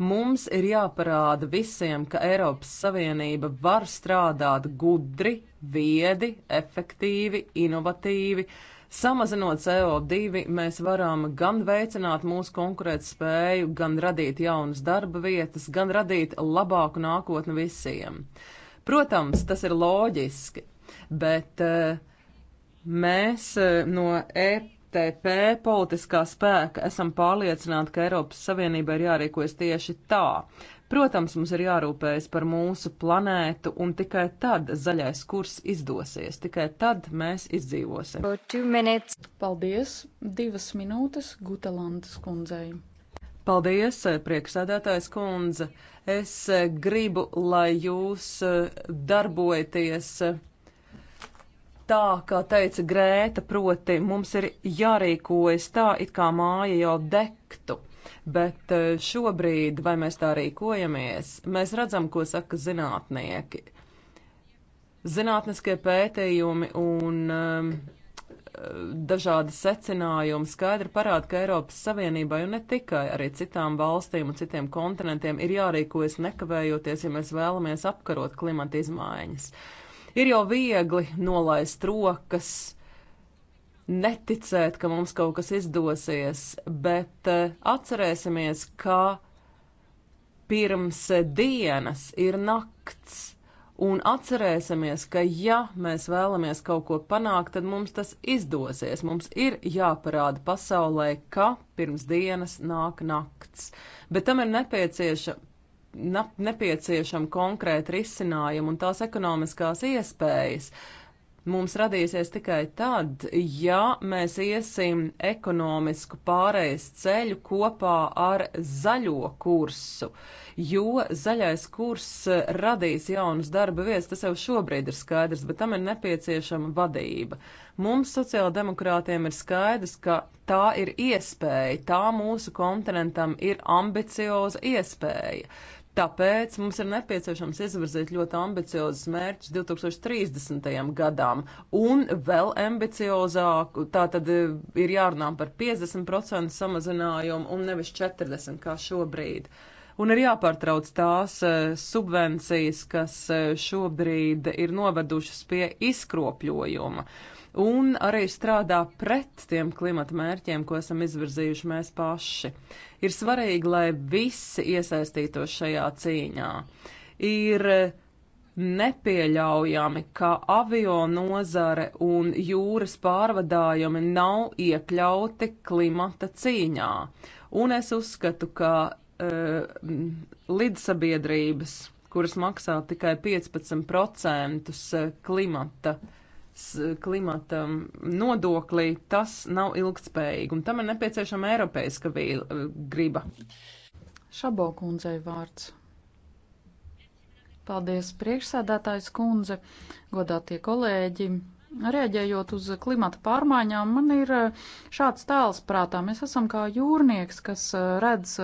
Mums ir jāparāda visiem, ka Eiropas Savienība var strādāt gudri, viedi, efektīvi, inovatīvi, uh, Samazinot CO2, mēs varam gan veicināt mūsu konkurētspēju, gan radīt jaunas darba vietas, gan radīt labāku nākotni visiem. Protams, tas ir loģiski, bet eh, mēs eh, no EP. TP politiskā spēka esam pārliecināti, ka Eiropas Savienība ir jārīkojas tieši tā. Protams, mums ir jārūpējas par mūsu planētu, un tikai tad zaļais kurs izdosies, tikai tad mēs izdzīvosim. Paldies! Divas minūtes Gutelandas kundzei. Paldies, priekšsēdētājs kundze. Es gribu, lai jūs darbojaties tā, kā teica Grēta, proti mums ir jārīkojas tā, it kā māja jau dektu bet eh, šobrīd, vai mēs tā rīkojamies, mēs redzam, ko saka zinātnieki. Zinātniskie pētījumi un um, dažādi secinājumi skaidri parāda, ka Eiropas Savienībai un ne tikai arī citām valstīm un citiem kontinentiem ir jārīkojas nekavējoties, ja mēs vēlamies apkarot klimata izmaiņas. Ir jau viegli nolaist rokas, neticēt, ka mums kaut kas izdosies, bet eh, atcerēsimies, ka pirms dienas ir nakts. Un atcerēsimies, ka ja mēs vēlamies kaut ko panākt, tad mums tas izdosies. Mums ir jāparāda pasaulē, ka pirms dienas nāk nakts. Bet tam ir nepieciešama nepieciešama konkrēta risinājuma un tās ekonomiskās iespējas mums radīsies tikai tad, ja mēs iesim ekonomisku pārējais ceļu kopā ar zaļo kursu, jo zaļais kurs radīs jaunas darba vietas, tas jau šobrīd ir skaidrs, bet tam ir nepieciešama vadība. Mums sociāldemokrātiem ir skaidrs, ka tā ir iespēja, tā mūsu kontinentam ir ambicioza iespēja. Tāpēc mums ir nepieciešams izvirzīt ļoti ambiciozus mērķus 2030. gadam, un vēl ambiciozāk, tā tad eh, ir jārunā par 50% samazinājumu un nevis 40% kā šobrīd. Un ir jāpārtrauc tās eh, subvencijas, kas eh, šobrīd ir novedušas pie izkropļojuma. Uh, un arī strādā pret tiem klimata mērķiem, ko esam izvirzījuši mēs paši. Ir svarīgi, lai visi iesaistītos šajā cīņā. Ir nepieļaujami, ka avio nozare un jūras pārvadājumi nav iekļauti klimata cīņā. Un es uzskatu, ka uh, lidsabiedrības, kuras maksā tikai 15% eh, klimata uh, klimata nodoklī, tas nav ilgtspējīgi, un tam ir nepieciešama Eiropeiska e, griba. Šabo kundzei vārds. Paldies, priekšsēdētājs kundze, godātie kolēģi. Rēģējot uz klimata pārmaiņām, man ir e, šāds tēls prātā. Mēs esam kā jūrnieks, kas e, redz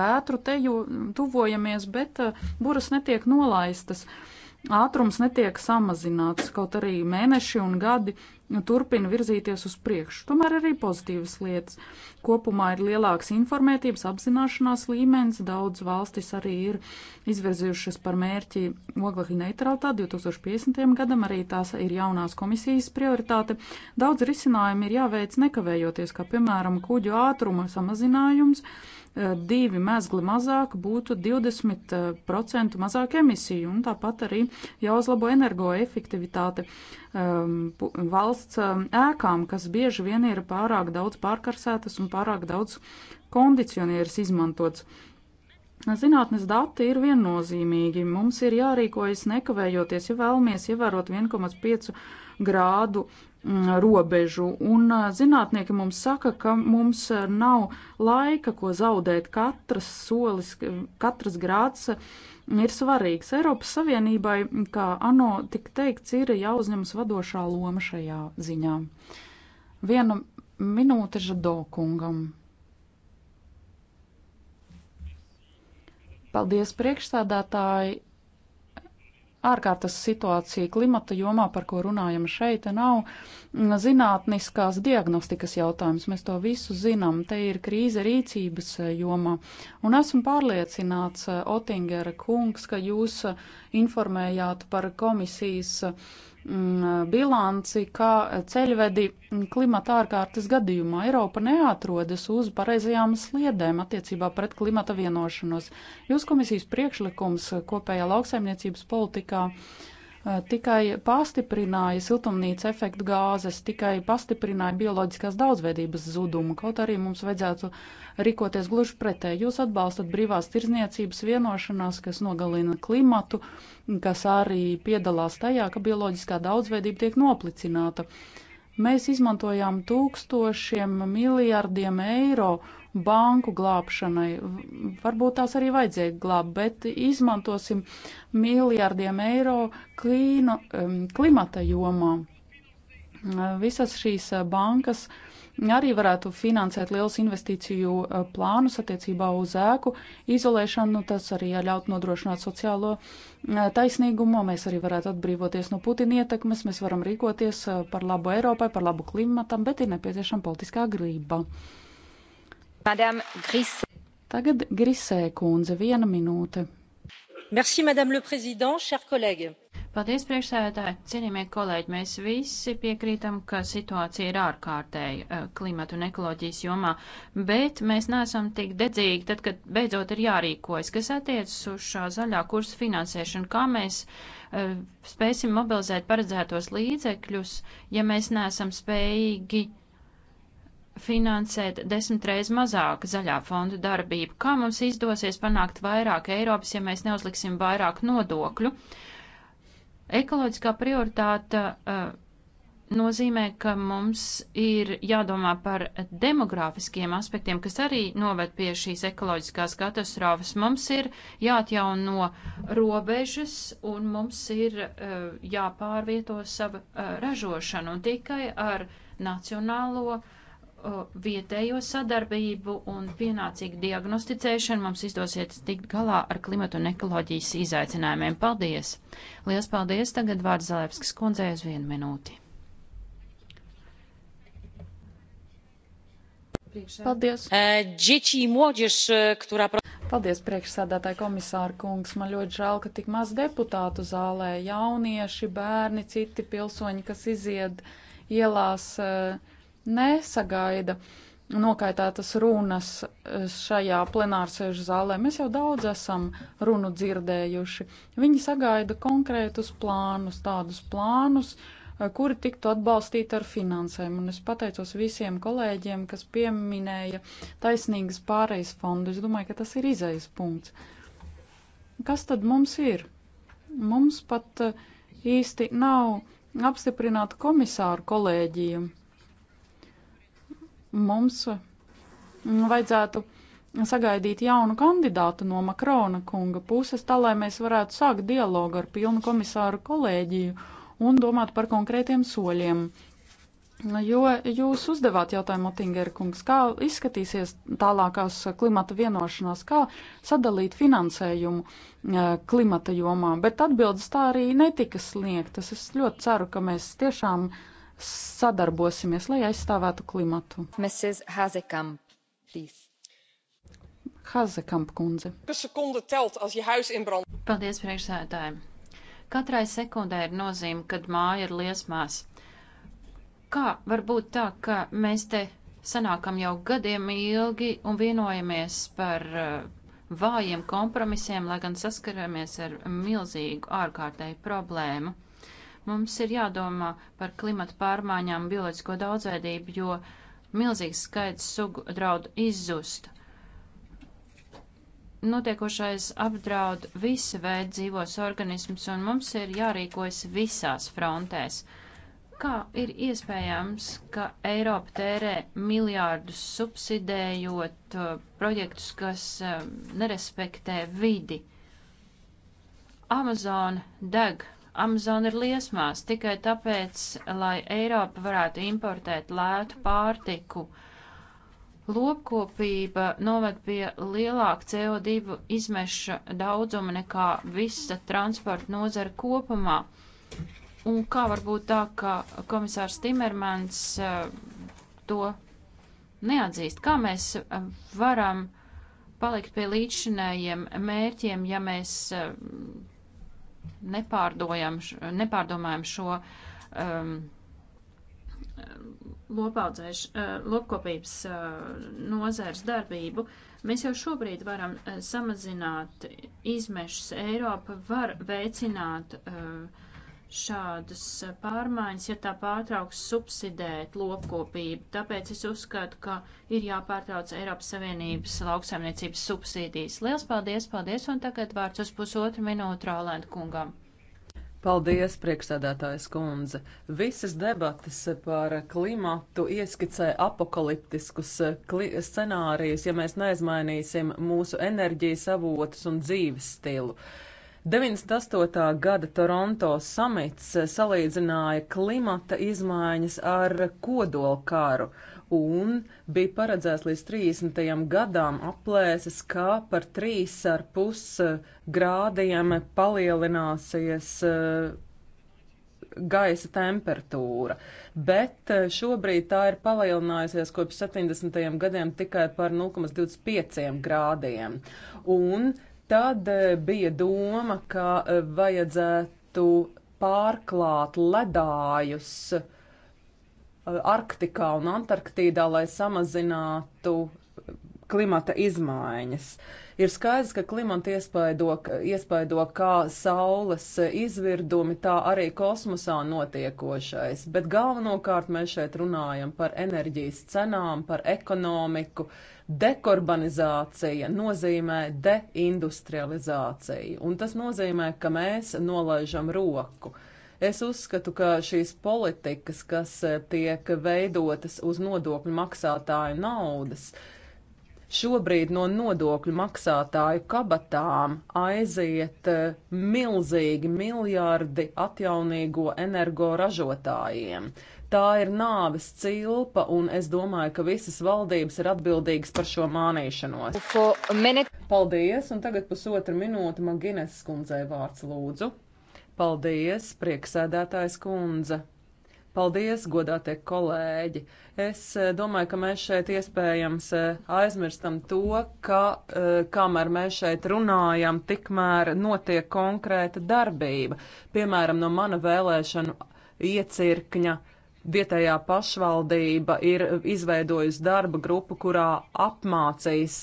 vētru, te tuvojamies, bet buras netiek nolaistas. Uh, ātrums netiek samazināts, kaut arī mēneši un gadi turpina virzīties uz priekšu. Tomēr arī pozitīvas lietas. Kopumā ir lielāks informētības, apzināšanās līmenis. Daudz valstis arī ir izvirzījušas par mērķi oglekļa neutralitāti 2050. gadam. Arī tās ir jaunās komisijas prioritāte. Daudz risinājumu ir jāveic nekavējoties, kā piemēram kuģu ātruma samazinājums. Uh, Eh, divi mezgli mazāk būtu 20% eh, mazāk emisiju, un tāpat arī jāuzlabo energoefektivitāte um, valsts eh, ēkām, kas bieži vien ir pārāk daudz pārkarsētas un pārāk daudz kondicionieris izmantots. Zinātnes dati ir viennozīmīgi. Mums ir jārīkojas nekavējoties, ja vēlamies ievērot 1,5 grādu Mm, robežu, un zinātnieki mums saka, ka mums nav laika, ko zaudēt. Katras solis, katras grāds ir svarīgs. Eiropas Savienībai, kā ANO tik teikts, ir jāuzņemas vadošā loma šajā ziņā. Viena minūte Žadokungam. Paldies priekšstādātāji, ārkārtas situācija klimata jomā, par ko runājam šeit, nav zinātniskās diagnostikas jautājums. Mēs to visu zinām. Te ir krīze rīcības jomā. Un esmu pārliecināts, Otingera kungs, ka jūs informējāt par komisijas Mm, bilanci, kā ceļvedi klimata ārkārtas gadījumā. Eiropa neatrodas uz pareizajām sliedēm attiecībā pret klimata vienošanos. Jūs komisijas priekšlikums kopējā lauksaimniecības politikā uh, Uh, tikai pastiprināja siltumnīca efektu gāzes, tikai pastiprināja bioloģiskās daudzveidības zudumu, kaut arī mums vajadzētu rīkoties gluži pretēji. Jūs atbalstat brīvās tirzniecības vienošanās, kas nogalina klimatu, kas arī piedalās tajā, ka bioloģiskā daudzveidība tiek noplicināta. Mēs izmantojām tūkstošiem miljardiem eiro uh, banku glābšanai. Varbūt tās arī vajadzēja glābt, bet izmantosim miljārdiem eiro klīno, klimata jomā. Visas šīs eh, bankas arī varētu finansēt liels investīciju eh, plānus attiecībā uz ēku izolēšanu, nu, tas arī ļaut nodrošināt sociālo eh, taisnīgumu, mēs arī varētu atbrīvoties no Putina ietekmes, mēs varam rīkoties par labu Eiropai, par labu klimatam, bet ir nepieciešama politiskā grība. Madame Gris. Tagad Grisē kundze, viena minūte. Merci, Madame le Président, chers collègues. Paldies, priekšsēdētāji. Cienījamie kolēģi, mēs visi piekrītam, ka situācija ir ārkārtēja eh, klimatu un ekoloģijas jomā, bet mēs neesam tik dedzīgi tad, kad beidzot ir jārīkojas, kas attiecas uz šā zaļā kursa finansēšanu, kā mēs uh, spēsim mobilizēt paredzētos līdzekļus, ja mēs neesam spējīgi finansēt desmitreiz mazāk zaļā fonda darbību. Kā mums izdosies panākt vairāk Eiropas, ja mēs neuzliksim vairāk nodokļu? Ekoloģiskā prioritāte uh, nozīmē, ka mums ir jādomā par demogrāfiskiem aspektiem, kas arī noved pie šīs ekoloģiskās katastrofas. Mums ir jāatjauno robežas un mums ir uh, jāpārvieto sava uh, ražošana un tikai ar nacionālo uh, vietējo sadarbību un pienācīgu diagnosticēšanu mums izdosiet tikt galā ar klimatu un ekoloģijas izaicinājumiem. Paldies! Lielas paldies! Tagad vārds Zalēpskas kundzei uz vienu minūti. Paldies! E, e, paldies, priekšsādātāji komisāra kungs. Man ļoti žēl, ka tik maz deputātu zālē - jaunieši, bērni, citi pilsoņi, kas izied ielās uh, nesagaida nokaitētas runas šajā plenārsēžu zālē. Mēs jau daudz esam runu dzirdējuši. Viņi sagaida konkrētus plānus, tādus plānus, kuri tiktu atbalstīti ar finansēm. Un es pateicos visiem kolēģiem, kas pieminēja taisnīgas pārejas fondu. Es domāju, ka tas ir izējas punkts. Kas tad mums ir? Mums pat eh, īsti nav apstiprināta komisāru kolēģija mums mm, vajadzētu sagaidīt jaunu kandidātu no Makrona kunga puses, tā lai mēs varētu sākt dialogu ar pilnu komisāru kolēģiju un domāt par konkrētiem soļiem. Jo jūs uzdevāt jautājumu, Otingera kungs, kā izskatīsies tālākās klimata vienošanās, kā sadalīt finansējumu eh, klimata jomā, bet atbildes tā arī netika sniegtas. Es ļoti ceru, ka mēs tiešām sadarbosimies, lai aizstāvētu klimatu. Mrs. Hazekamp, please. Hazekamp kundze. Paldies, priekšsēdētāji. Katrai sekundē ir nozīme, kad māja ir liesmās. Kā var būt tā, ka mēs te sanākam jau gadiem ilgi un vienojamies par uh, vājiem kompromisiem, lai gan saskaramies ar milzīgu ārkārtēju problēmu? Mums ir jādomā par klimatu pārmaiņām, bioloģisko daudzveidību, jo milzīgs skaits sugu draud izzust. Notiekošais apdraud visu veidu dzīvos organismus, un mums ir jārīkojas visās frontēs. Kā ir iespējams, ka Eiropa tērē miljārdus subsidējot uh, projektus, kas uh, nerespektē vidi? Amazon deg Amazon ir liesmās tikai tāpēc, lai Eiropa varētu importēt lētu pārtiku. Lopkopība noved pie lielāka CO2 izmeša daudzuma nekā visa transporta nozara kopumā. Un kā var būt tā, ka komisārs Timermans eh, to neatzīst? Kā mēs eh, varam palikt pie līdzšinējiem mērķiem, ja mēs eh, nepārdomājam šo um, lopaudzēš, uh, lopkopības uh, nozēras darbību, mēs jau šobrīd varam uh, samazināt izmešas. Eiropa var veicināt uh, šādas e, pārmaiņas, ja tā pārtrauks subsidēt lopkopību. Tāpēc es uzskatu, ka ir jāpārtrauc Eiropas Savienības lauksaimniecības subsīdijas. Liels paldies, paldies, un tagad vārds uz pusotru minūtu Rālēnta kungam. Paldies, priekšsēdētājs kundze. Visas debatas par klimatu ieskicē apokaliptiskus e, kli scenārijus, ja mēs neizmainīsim mūsu enerģijas avotus un dzīves stilu. Uh, 98. gada Toronto samits eh, salīdzināja klimata izmaiņas ar kodolkaru un bija paredzēts līdz 30. gadam aplēses, kā par 3,5 eh, grādiem palielināsies eh, gaisa temperatūra, bet šobrīd tā ir palielinājusies kopš 70. gadiem tikai par 0,25 grādiem. Un Tad eh, bija doma, ka eh, vajadzētu pārklāt ledājus eh, Arktikā un Antarktīdā, lai samazinātu klimata izmaiņas. Ir skaidrs, ka klimata iespaido, iespaido kā saules izvirdumi, tā arī kosmosā notiekošais, bet galvenokārt mēs šeit runājam par enerģijas cenām, par ekonomiku, uh, Dekarbonizācija nozīmē deindustrializāciju, un tas nozīmē, ka mēs nolaižam roku. Es uzskatu, ka šīs politikas, kas eh, tiek veidotas uz nodokļu maksātāju naudas, šobrīd no nodokļu maksātāju kabatām aiziet eh, milzīgi miljardi atjaunīgo energoražotājiem. Tā ir nāves cilpa, un es domāju, ka visas valdības ir atbildīgas par šo mānīšanos. Paldies, un tagad pusotra minūte man Gines skundzei vārds lūdzu. Paldies, prieksēdētājs kundze. Paldies, godātie kolēģi! Es eh, domāju, ka mēs šeit iespējams eh, aizmirstam to, ka eh, kamēr mēs šeit runājam, tikmēr notiek konkrēta darbība. Piemēram, no mana vēlēšanu iecirkņa Vietējā pašvaldība ir izveidojusi darba grupu, kurā apmācīs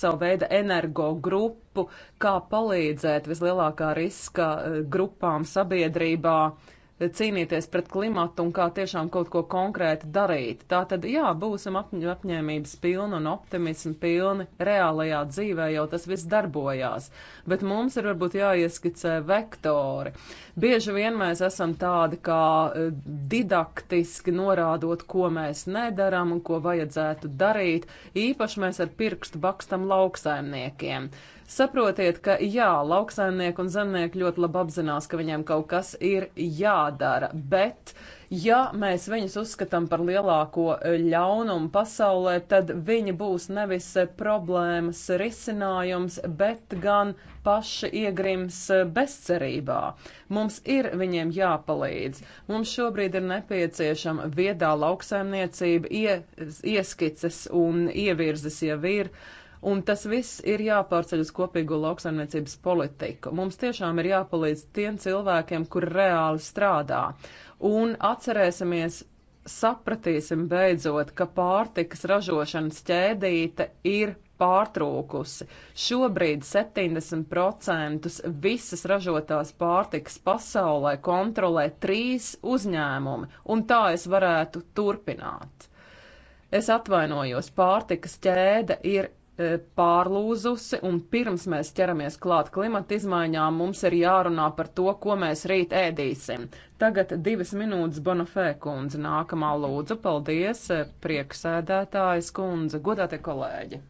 savu veidu energo grupu, kā palīdzēt vislielākā riska eh, grupām sabiedrībā uh, cīnīties pret klimatu un kā tiešām kaut ko konkrēti darīt. Tā tad, jā, būsim apņ apņēmības pilni un optimismu pilni reālajā dzīvē, jo tas viss darbojās. Bet mums ir varbūt jāieskicē vektori. Bieži vien mēs esam tādi kā e, didaktiski norādot, ko mēs nedaram un ko vajadzētu darīt. Īpaši mēs ar pirkstu bakstam lauksaimniekiem. Saprotiet, ka jā, lauksaimnieki un zemnieki ļoti labi apzinās, ka viņiem kaut kas ir jādara, bet ja mēs viņus uzskatām par lielāko e, ļaunumu pasaulē, tad viņi būs nevis e, problēmas risinājums, bet gan paši iegrims e, bezcerībā. Mums ir viņiem jāpalīdz. Mums šobrīd ir nepieciešama viedā lauksaimniecība, ie, ieskices un ievirzes jau ir. Uh, Un tas viss ir jāpārceļ uz kopīgo lauksaimniecības politiku. Mums tiešām ir jāpalīdz tiem cilvēkiem, kur reāli strādā. Un atcerēsimies, sapratīsim beidzot, ka pārtikas ražošanas ķēdīte ir pārtrūkusi. Šobrīd 70% visas ražotās pārtikas pasaulē kontrolē trīs uzņēmumi, un tā es varētu turpināt. Es atvainojos, pārtikas ķēde ir E, pārlūzusi, un pirms mēs ķeramies klāt klimata izmaiņām, mums ir jārunā par to, ko mēs rīt ēdīsim. Tagad divas minūtes Bonafē kundze nākamā lūdzu. Paldies, e, prieksēdētājas kundze, godātie kolēģi!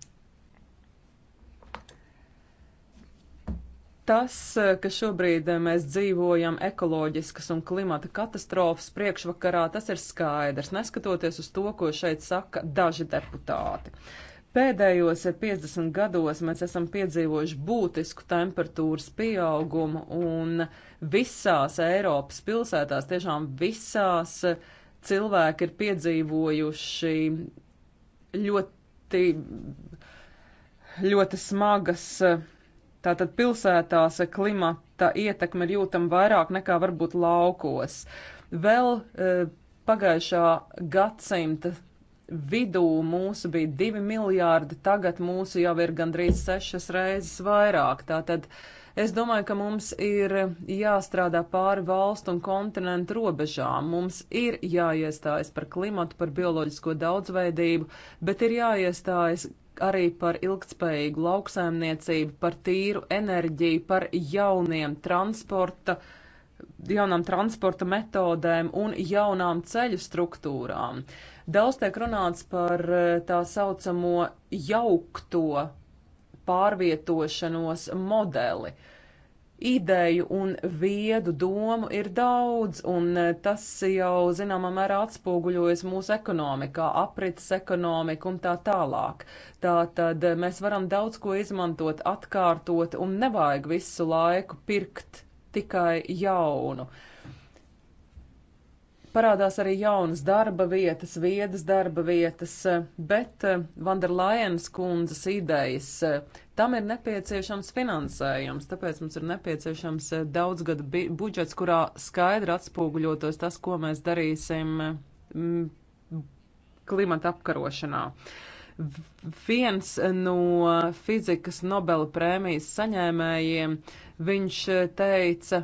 Tas, e, ka šobrīd mēs dzīvojam ekoloģiskas un klimata katastrofas priekšvakarā, tas ir skaidrs, neskatoties uz to, ko šeit saka daži deputāti. Uh, Pēdējos 50 gados mēs esam piedzīvojuši būtisku temperatūras pieaugumu un visās Eiropas pilsētās, tiešām visās, cilvēki ir piedzīvojuši ļoti, ļoti smagas, tātad pilsētās klimata ietekme ir jūtama vairāk nekā varbūt laukos. Vēl eh, pagājušā gadsimta vidū mūsu bija 2 miljārdi, tagad mūsu jau ir gandrīz 6 reizes vairāk. Tātad es domāju, ka mums ir jāstrādā pāri valstu un kontinentu robežām. Mums ir jāiestājas par klimatu, par bioloģisko daudzveidību, bet ir jāiestājas arī par ilgtspējīgu lauksaimniecību, par tīru enerģiju, par jauniem transporta, jaunām transporta metodēm un jaunām ceļu struktūrām. Uh, Daudz tiek runāts par eh, tā saucamo jaukto pārvietošanos modeli. Ideju un viedu domu ir daudz, un eh, tas jau zināmā mērā atspoguļojas mūsu ekonomikā, aprits ekonomika un tā tālāk. Tā tad eh, mēs varam daudz ko izmantot, atkārtot, un nevajag visu laiku pirkt tikai jaunu. Uh, Parādās arī jaunas darba vietas, viedas darba vietas, bet eh, Vanderlainas kundzes idejas eh, tam ir nepieciešams finansējums, tāpēc mums ir nepieciešams eh, daudzgada budžets, kurā skaidri atspoguļotos tas, ko mēs darīsim mm, klimata apkarošanā. Viens no fizikas Nobela prēmijas saņēmējiem, viņš teica,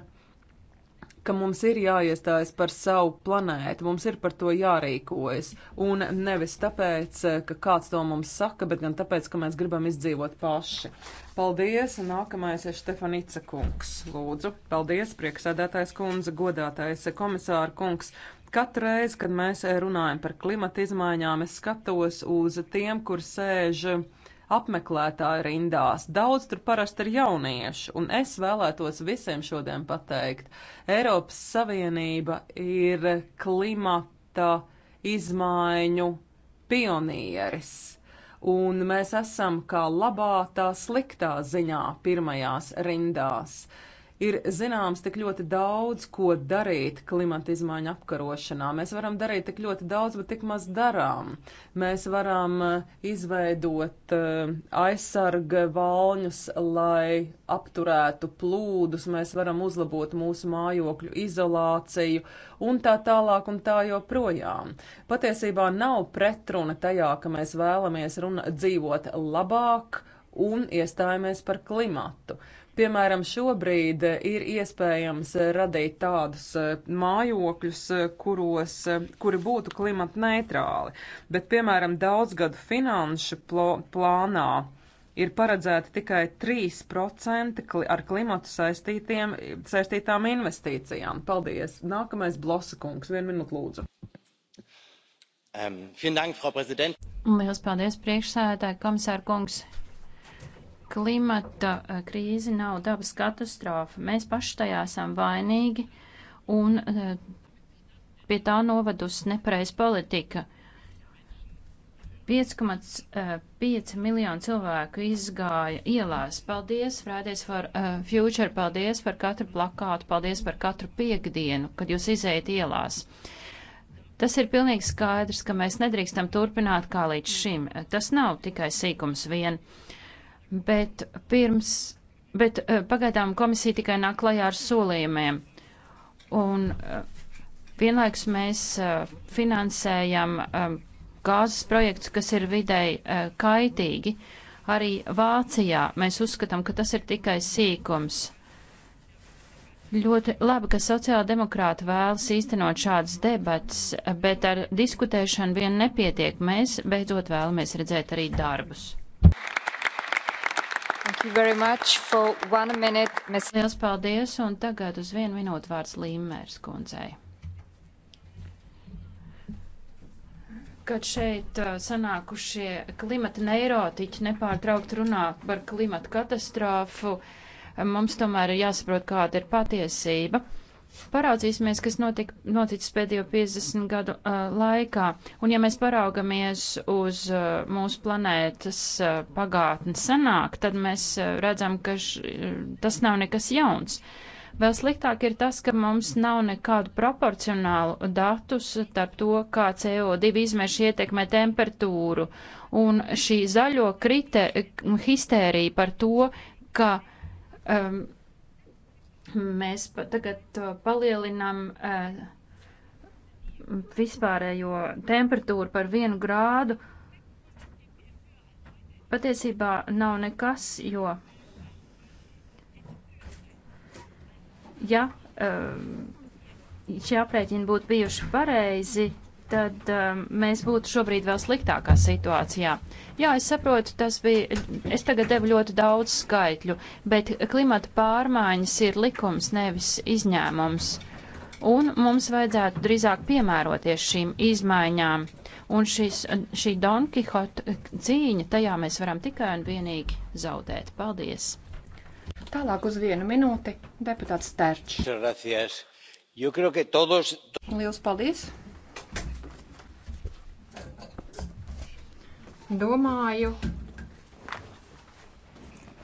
ka mums ir jāiestājas par savu planētu, mums ir par to jārīkojas. Un nevis tāpēc, ka kāds to mums saka, bet gan tāpēc, ka mēs gribam izdzīvot paši. Paldies! Nākamais ir Stefanica kungs. Lūdzu, paldies, prieksēdētājs kundze, godātais komisāra kungs. Katru reizi, kad mēs runājam par klimata izmaiņām, es skatos uz tiem, kur sēž uh, apmeklētāju rindās. Daudz tur parasti ir jaunieši, un es vēlētos visiem šodien pateikt, Eiropas Savienība ir klimata izmaiņu pionieris. Un mēs esam kā labā, tā sliktā ziņā pirmajās rindās. Uh, ir zināms tik ļoti daudz, ko darīt klimata izmaiņu apkarošanā. Mēs varam darīt tik ļoti daudz, bet tik maz darām. Mēs varam eh, izveidot eh, aizsarga valņus, lai apturētu plūdus, mēs varam uzlabot mūsu mājokļu izolāciju un tā tālāk un tā joprojām. Patiesībā nav pretruna tajā, ka mēs vēlamies runa, dzīvot labāk un iestājamies par klimatu. Uh, Piemēram, šobrīd eh, ir iespējams eh, radīt tādus eh, mājokļus, kuros, kuri būtu klimata neitrāli, bet, piemēram, daudzgadu finanšu plānā ir paredzēta tikai 3% ar klimatu saistītām investīcijām. Paldies! Nākamais Blosakungs, vienu minūtu lūdzu. Um, Dank, Frau Liels paldies, priekšsēdētāji, komisāra kungs. Klimata eh, krīze nav dabas katastrofa. Mēs paši tajā esam vainīgi un eh, pie tā novadusi nepareiz politika. 5,5 eh, miljonu cilvēku izgāja ielās. Paldies, Fridays for uh, Future, paldies par katru plakātu, paldies par katru piekdienu, kad jūs izējat ielās. Tas ir pilnīgi skaidrs, ka mēs nedrīkstam turpināt kā līdz šim. Tas nav tikai sīkums vien. Uh, bet pirms, bet eh, pagaidām komisija tikai nāk klajā ar solījumiem. Un eh, vienlaiks mēs eh, finansējam gāzes projekts, kas ir videi kaitīgi. Arī Vācijā mēs uzskatām, ka tas ir tikai sīkums. Ļoti labi, ka sociāldemokrāti vēlas īstenot šādas debats, bet ar diskutēšanu vien nepietiek. Mēs beidzot vēlamies redzēt arī darbus. Mēs... Liels paldies, un tagad uz vienu minūtu vārds Līmērs kundzei. kad šeit uh, sanākušie klimata neirotiķi nepārtraukt runā par klimata katastrofu, mums tomēr ir jāsaprot, kāda ir patiesība. Paraudzīsimies, kas notik, noticis pēdējo 50 gadu uh, laikā, un ja mēs paraugamies uz uh, mūsu planētas uh, pagātni senāk, tad mēs uh, redzam, ka š, tas nav nekas jauns. Vēl sliktāk ir tas, ka mums nav nekādu proporcionālu datus starp to, kā CO2 izmeši ietekmē temperatūru, un šī zaļo krite, histērija par to, ka. Um, Mēs pa, tagad uh, palielinām uh, vispārējo temperatūru par vienu grādu. Patiesībā nav nekas, jo ja uh, šie aprēķini būtu bijuši pareizi, tad um, mēs būtu šobrīd vēl sliktākā situācijā. Jā, es saprotu, tas bija, es tagad devu ļoti daudz skaitļu, bet klimata pārmaiņas ir likums, nevis izņēmums. Un mums vajadzētu drīzāk piemēroties šīm izmaiņām. Un šis, šī Don Quixote cīņa, tajā mēs varam tikai un vienīgi zaudēt. Paldies! Tālāk uz vienu minūti deputāts Terčs. Liels paldies! Domāju,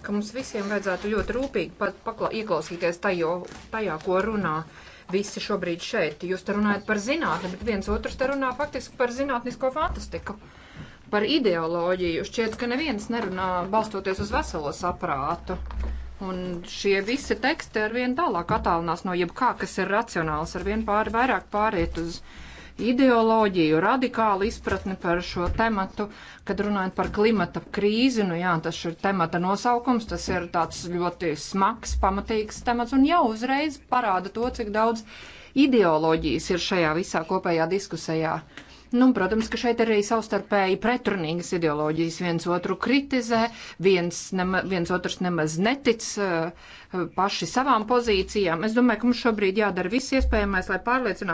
ka mums visiem vajadzētu ļoti rūpīgi pat pakla, ieklausīties tajo, tajā, ko runā visi šobrīd šeit. Jūs te runājat par zinātni, bet viens otrs te runā faktiski par zinātnisko fantastiku, par ideoloģiju. Šķiet, ka neviens nerunā balstoties uz veselo saprātu. Un šie visi teksti ar vien tālāk attālinās no jebkā, kas ir racionāls, ar vien pāri vairāk pāriet uz uh, ideoloģiju, radikālu izpratni par šo tematu, kad runājot par klimata krīzi. Nu jā, tas ir temata nosaukums, tas ir tāds ļoti smags, pamatīgs temats un jau uzreiz parāda to, cik daudz ideoloģijas ir šajā visā kopējā diskusijā. Nu, protams, ka šeit arī savstarpēji pretrunīgas ideoloģijas viens otru kritizē, viens, nema, viens otrs nemaz netic eh, paši savām pozīcijām. Es domāju, ka mums šobrīd jādara viss iespējamais, lai pārliecinātu.